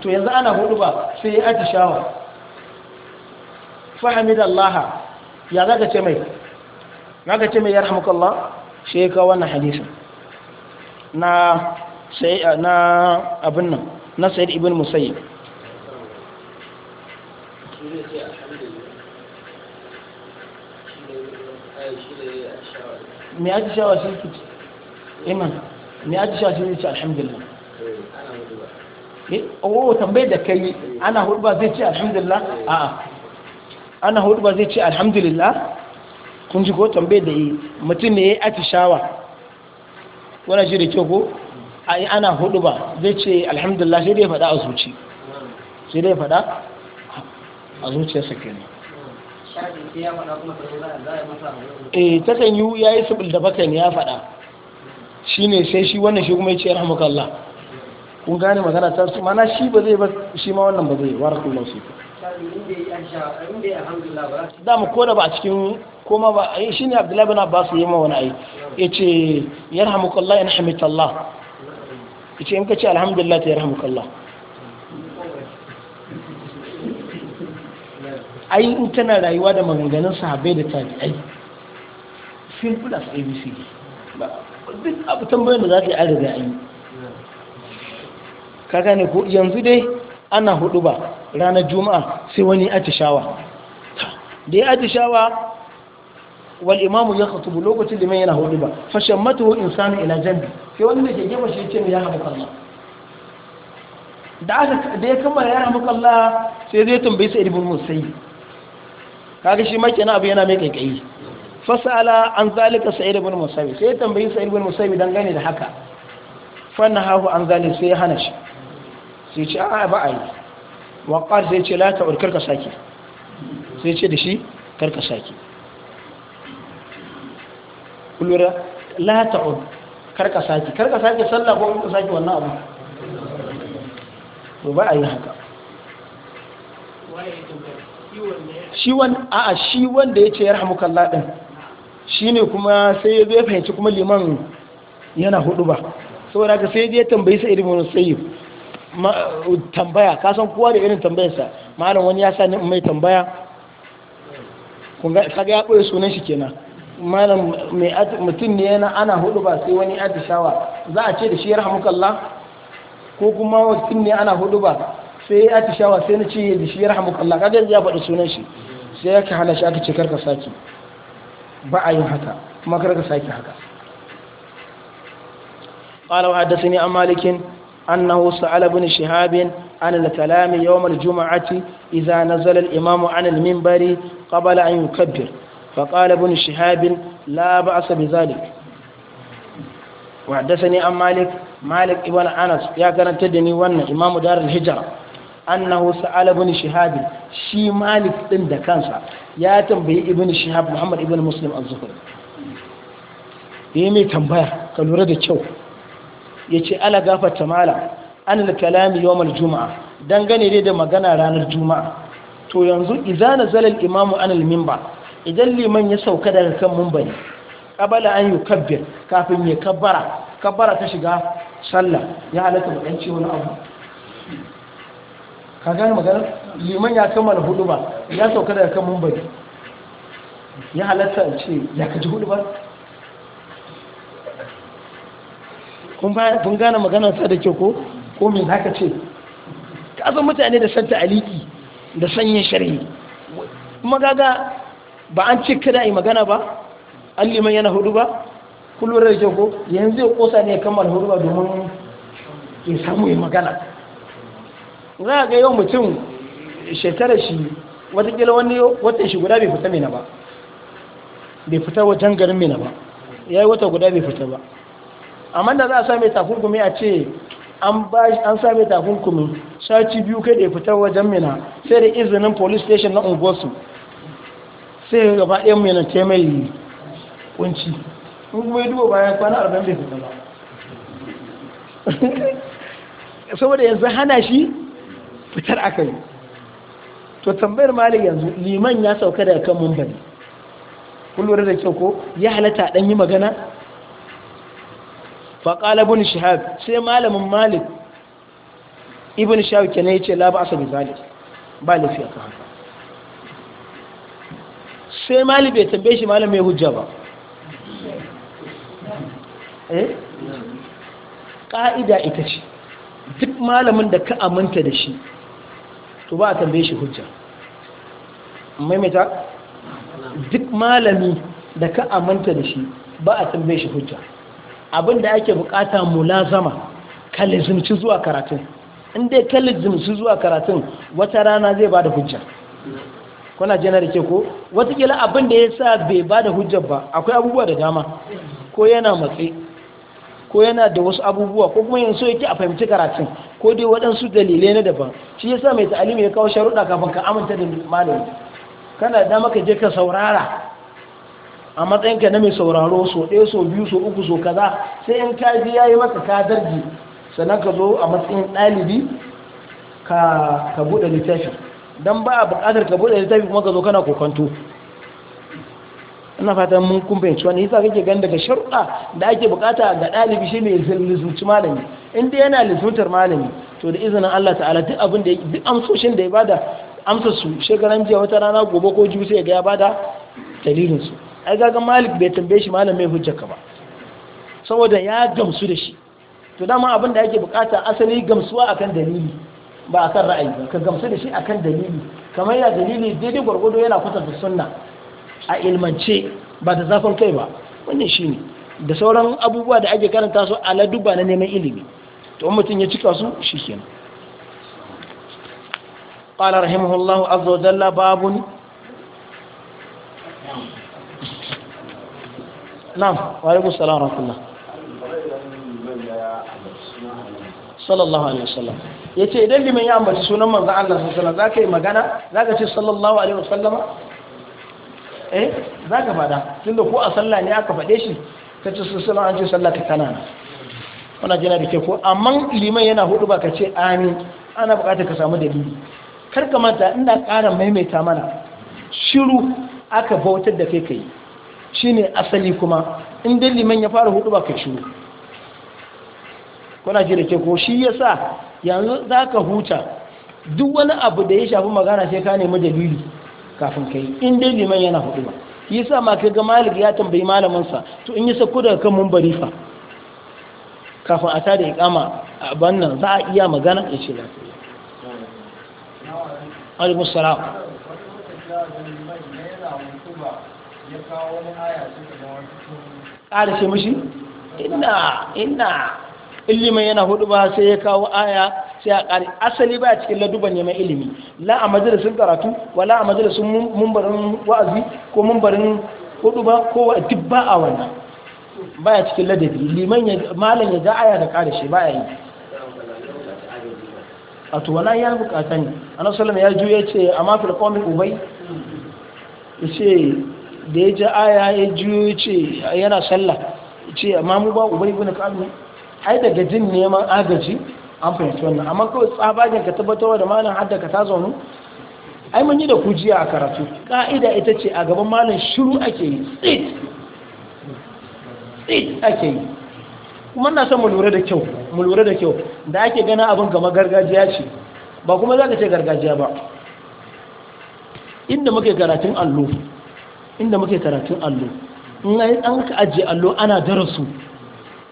to yanzu ana hudu ba sai ya atishawa fahimid ya za ka ce mai za ce mai ya shi wannan na abin nan na sayid ibn musayi mai shi iman me shi ce alhamdulillah eh oh, da kai ana hudba zai ce alhamdulillah a'a ana hudba zai ce alhamdulillah kun ji ko tambaye da yi mutum ne ya atishawa wannan shi da kyau ko yi ana hudba zai ce alhamdulillah sai dai faɗa a zuci sai dai faɗa a zuciyarsa eh takan yi ya yi sabil da bakan ya faɗa shine sai shi wannan shi kuma ya ce rahmukallah kun gane magana ta su mana shi ba zai ba shi ma wannan ba zai wa barakallahu fi da mu ko da ba a cikin koma ba ai eh, shine abdullahi bin abbas yayi ma wani ai yace yarhamukallah in hamitallah yace in kace alhamdulillah ta yarhamukallah ai in tana rayuwa da maganganun sahabbai da tabi'ai simple as abcd duk abu tambayin da za ka yi yi ko yanzu dai ana hudu ba ranar juma'a sai wani atishawa da ya atishawa wal imamu ya khatubu lokacin da mai yana hudu ba fashin matuwa insani ila jambi sai wani da ke gama shi ce ya haɓu kalla da aka da ya kama ya haɓu kalla sai zai tambayi sa ibn musayi kaga shi ma kenan abu yana mai kaikayi fasala an zalika sa'id ibn musayyib sai tambayi sa'id ibn musayyib dangane da haka fanna hahu an zalika sai hana shi sai ce a'a ba ai wa qad sai ce la ta'ur karka saki sai ce da shi karka saki kulura la ta'ur karka saki karka saki sallah ko karka saki wannan abu to ba ai haka shi wanda a'a shi wanda yace yarhamukallah din shine kuma sai ya zo ya fahimci kuma liman yana hudu ba saboda haka sai ya tambayi sa irin sai tambaya ka san kowa da irin tambayarsa malam wani ya sa ni mai tambaya kuma kaga ya ɓoye sunan shi kenan malam mai mutum ne yana ana hudu ba sai wani atishawa za a ce da shi yarhamukallah ko kuma mutum ne ana hudu ba sai ya atishawa sai na ce da shi yarhamukallah kaga ya faɗi sunan shi sai ya ka hana shi aka ce karka saki ba a yin haka kuma sake haka qala ne an malikin annahu sa'ala ibn an al-kalam yawm al-jum'ati idha An al-imam an al-minbari qabla an yukabbir فقال ابن شهاب لا بأس بذلك وحدثني Malik مالك مالك ابن أنس يا كان تدني وانا إمام دار annahu sa'ala ibn shihab shi malik din da kansa ya tambayi ibn shihab muhammad ibn muslim az-zuhri yayi mai tambaya ka lura da kyau yace ala gafarta mala an al-kalami yawm al-jum'a dangane dai da magana ranar juma'a to yanzu idza nazala al-imamu an al idan liman ya sauka daga kan minbari qabala an yukabbir kafin ya kabbara kabbara ta shiga sallah ya halatta mu dan wani abu ka gane magana liman ya kammala hudu ba ya sauka daga kan mumbari ya halatta a ce ya kaji hudu ba kun gane maganar sa da ke ko ko me za ka ce ka san mutane da santa aliki da sanyin shari'i magaga ba an ce kada yi magana ba an liman yana hudu ba kullum da ke ko yanzu ya kosa ne ya kammala hudu ba domin ya samu yi magana za ga yau mutum shekara shi watakila wani watan shi guda bai fita mina ba bai fita wajen garin mina ba ya yi wata guda bai fita ba amma da za a same takunkumi a ce an same takunkumi sati biyu kai da ya fita wajen mina sai da izinin police station na unguwarsu sai ya gaba ɗayan mina ce mai kunci in kuma ya duba bayan kwana arba'in bai fita ba [laughs] saboda yanzu hana shi fitar aka yi to tambayar malik yanzu liman ya sauka daga kan mumbari kun lura da kyau ko ya halatta dan yi magana fa qala ibn shihab sai malamin malik ibn shihab kenan yace la ba asabi zalik ba lafiya ka haka sai malik bai tambaye shi malam mai hujja ba eh ka'ida ita ce duk malamin da ka aminta da shi to ba a tambaye shi hujja maimaita duk malami da ka amanta da shi ba a tambaye shi hujja abinda ake bukata mulazama kalizimci lizimci zuwa karatun inda kalizimci zuwa karatun wata rana zai ba da hujja kuna jana da ke ko watakila abinda ya sa bai ba da hujjar ba akwai abubuwa da dama ko yana matse ko yana da wasu abubuwa ko kuma yanzu yake a fahimci karatun ko dai waɗansu dalilai na daban shi ya yasa mai ta'alimi ya kawo sharuɗa kafin ka aminta da malami kana da maka je ka saurara a matsayinka na mai sauraro so ɗaya so biyu so uku so kaza sai in ka ji yayi maka ka darji sannan ka zo a matsayin ɗalibi ka buɗe littafi dan ba a buƙatar ka buɗe littafi kuma ka zo kana kokonto ina fatan mun kumbayanci wani yasa kake gan daga sharuɗa da ake bukata ga ɗalibi shi ne lizunci malami in dai yana lizuntar malami to da izinin Allah ta'ala duk abin da duk amsoshin da ya bada amsa su shekaran jiya wata rana gobe ko jibi sai ga ya bada dalilin su ai ga malik bai tambaye shi malam mai hujja ka ba saboda ya gamsu da shi to dama abin da ake bukata asali gamsuwa akan dalili ba akan ra'ayi ka gamsu da shi akan dalili kamar ya dalili daidai gwargwado yana da sunna a ilmance ba da zafin kai ba wannan shi ne da sauran abubuwa da ake karanta su a laduba na neman ilimi to mutum ya cika su shi kenan قال رحمه الله عز وجل باب نعم وعليكم السلام ورحمة sallallahu alaihi wasallam yace idan liman ya ambaci sunan manzon Allah sallallahu alaihi wasallam zaka yi magana zaka ce sallallahu alaihi wasallama eh za ka fada da ko a sallah ne aka faɗe shi ta ce sun an ce sallah ta kanana wana jina da ke ko amma liman yana hudu ba ka ce amin ana buƙatar ka samu dalili kar ka ina ƙara maimaita mana shiru aka bautar da kai kai shine asali kuma in liman ya fara hudu ba ka shiru kuna ji da ke ko shi sa yanzu za ka huta duk wani abu da ya shafi magana sai ka nemi dalili kafin kai in dai liman yana hudu ba yasa ma kai ga malik ya tambayi malamin sa to in ya sako daga kan mun fa kafin a tada iqama a bannan za a iya magana ya ce lafiya alaikum salam ƙara ce mashi ina ina ilimin yana hudu ba sai ya kawo aya sai a ƙari asali ba cikin laduban neman ilimi la a majalisun karatu wala a majalisun mumbarin wa'azi ko mumbarin hudu ba ko duk ba a wannan ba ya cikin ladabi liman ya malam ya aya da ƙari shi ba a yi a to wala ya bukata ne annabi sallallahu ya juya ce a amma fil ubai. ya ce da ya ji aya ya juyo ce yana sallah ce amma mu ba ubai ibn ka'ab ai daga jin neman agaji an fahimci wannan amma kawai tsabagen ka tabbatarwa da malam hadda ka ta zaunu ai mun yi da kujiya a karatu ka'ida ita ce a gaban malam shiru ake yi tsit tsit ake yi kuma na son mu lura da kyau mu lura da kyau da ake gana abin gama gargajiya ce ba kuma za ka ce gargajiya ba inda muke karatun allo inda muke karatun allo in an ka ajiye allo ana darasu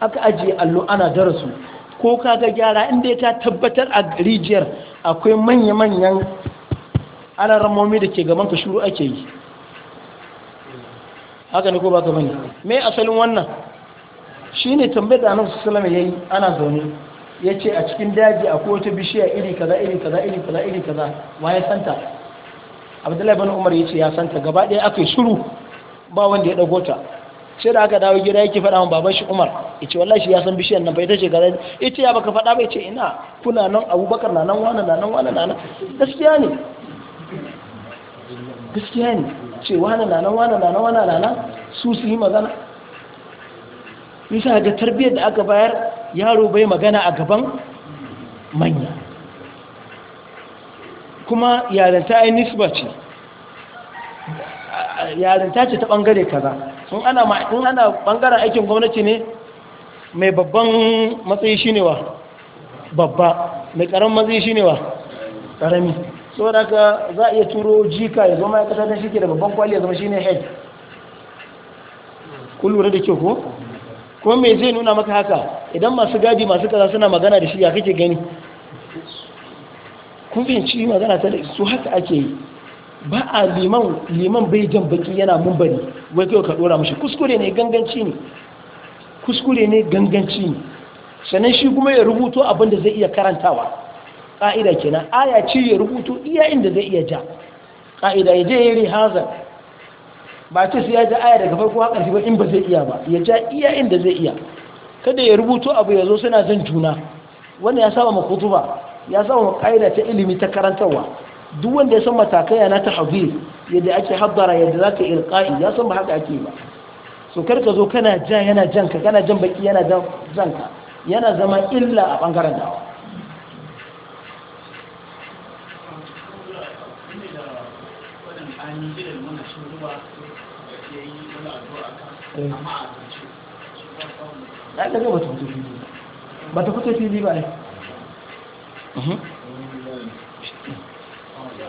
aka ajiye allo ana darasu ko kaga gyara inda ta tabbatar a rijiyar akwai manya-manyan alarmomi da ke gaban ka shuru ake yi haka ne ko ba ka bane mai asalin wannan shi ne tambayar da annabi ya yi. ana zaune ya ce a cikin daji akwai wata bishiya iri kaza iri kaza iri kaza iri kaza wa ya santa abdullahi Bani umar ya ce ya santa gaba ɗaya aka yi shuru. ba wanda ya ɗago ta sai da aka dawo gida yake faɗa wa baban shi Umar yace wallahi shi ya san bishiyar nan bai tace garin yace ya baka faɗa bai ce ina kuna nan Abubakar na nan wani na nan wani na nan gaskiya ne gaskiya ne ce wani na nan wani na nan wani na nan su su yi magana yasa ga tarbiyyar da aka bayar yaro bai magana a gaban manya kuma yarinta ai nisba ce yarinta ce ta bangare kaza in ana ɓangaren bangaren aikin gwamnati ne mai babban matsayi shine wa babba mai karamin matsayi shine wa karami da ka za a iya turo jika ya zama ya kasa da shi ke da babban kwali ya zama shine head kun da kyau ko kuma me zai nuna maka haka idan masu gadi masu kaza suna magana da shi ya kake gani kun fahimci magana ta da su haka ake yi ba a liman liman bai jan baki yana mun bari wai kai ka dora mashi kuskure ne ganganci ne kuskure ne ganganci ne sannan shi kuma ya rubuto abin da zai iya karantawa ka'ida kenan aya ce ya rubuto iya inda zai iya ja ka'ida ya je ya haza ba ce sai ya ja aya daga farko haka ba in ba zai iya ba ya ja iya inda zai iya kada ya rubuto abu ya zo suna zan juna wannan ya saba ma kutuba ya saba ma ka'ida ta ilimi ta karantarwa duk wanda ya san matakai na ta hafiz yadda ake haddara yadda za ka ya san ba haka ake ba so kar ka zo kana jan yana jan ka kana jan baki yana jan ka yana zama illa a ɓangaren dawa ya fito fili ba ta fito fili ba ne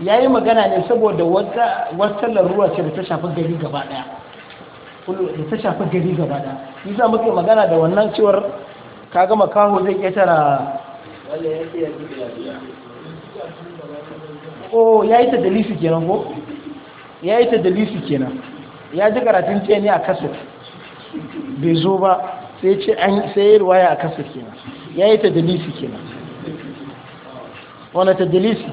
ya yi magana ne saboda wata ruwa ce da ta shafi gari gaba daya da ta shafi gari gaba daya yi za muke magana da wannan cewar ka gama kawo zai ƙetara o ya yi ta dalisi kenan ko ya yi ta dalisi kenan ya ji karatun ce ne a kasar bai zo ba sai ce an sai ruwaya a kasar kenan ya yi ta dalisi kenan wani ta dalisi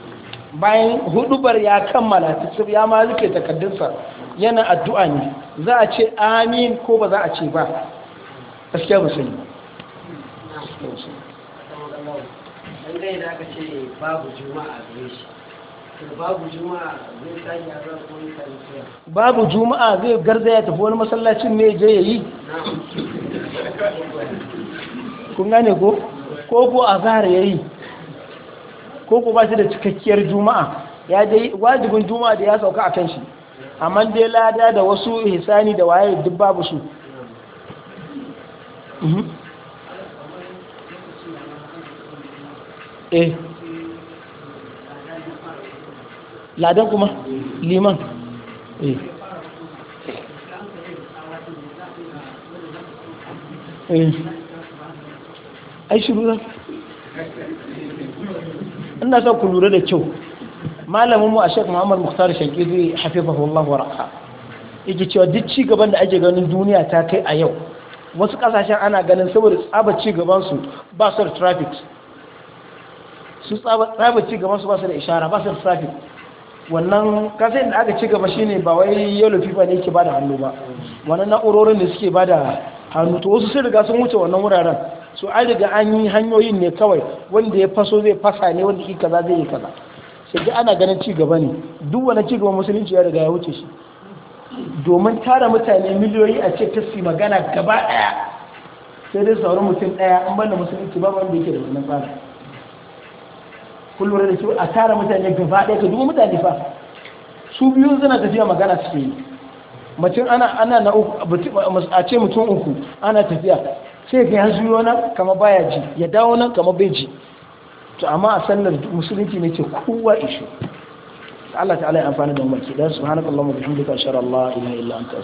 bayan hudubar ya kammala tisir ya ma rufe takardunsa yana addu'a ne za a ce amin ko ba za a ce ba gaskiya ba sai babu juma'a zai garza ya tafi wani masallacin ne je ya yi kun gane ko ko ko a zahar ya yi ko ko ba shi da cikakkiyar juma'a ya dai wajibin juma'a da ya sauka akan shi amma dai lada da wasu hisani da waye duk babu su mhm. eh ladan kuma liman eh eh ai ina so ku lura da kyau malamin mu a shek muhammad mukhtar shankiri hafifahu allah wa ra'a yake cewa duk ci gaban da ake ganin duniya ta kai a yau wasu kasashen ana ganin saboda tsaba ci gaban su ba su da traffic su tsaba ci gaban su ba su da ishara ba su da traffic wannan kasayin da aka ci gaba shine ba wai yellow fifa ne yake bada hannu ba wannan na'urorin da suke bada hannu to wasu sun riga sun wuce wannan wuraren so an riga an yi hanyoyin ne kawai wanda ya faso zai fasa ne wanda yi kaza zai yi kaza sai ga ana ganin ci gaba ne duk wani ci gaba musulunci ya riga ya wuce shi domin tara mutane miliyoyi a ce ta magana gaba daya sai dai sauran mutum daya an banda musulunci ba wanda yake da wannan tsara kullum da cewa a tara mutane gaba daya ka duba mutane fa su biyu suna tafiya magana suke yi mutum ana ana na uku a ce mutum uku ana tafiya sai ga ya zuyo nan kama baya ji ya dawo nan kama bai ji to amma a sannan musulunci ne ce kowa ishe Allah ta'ala ya amfani da umarci baki dan subhanakallahumma bihamdika ashhadu an la ilaha illa anta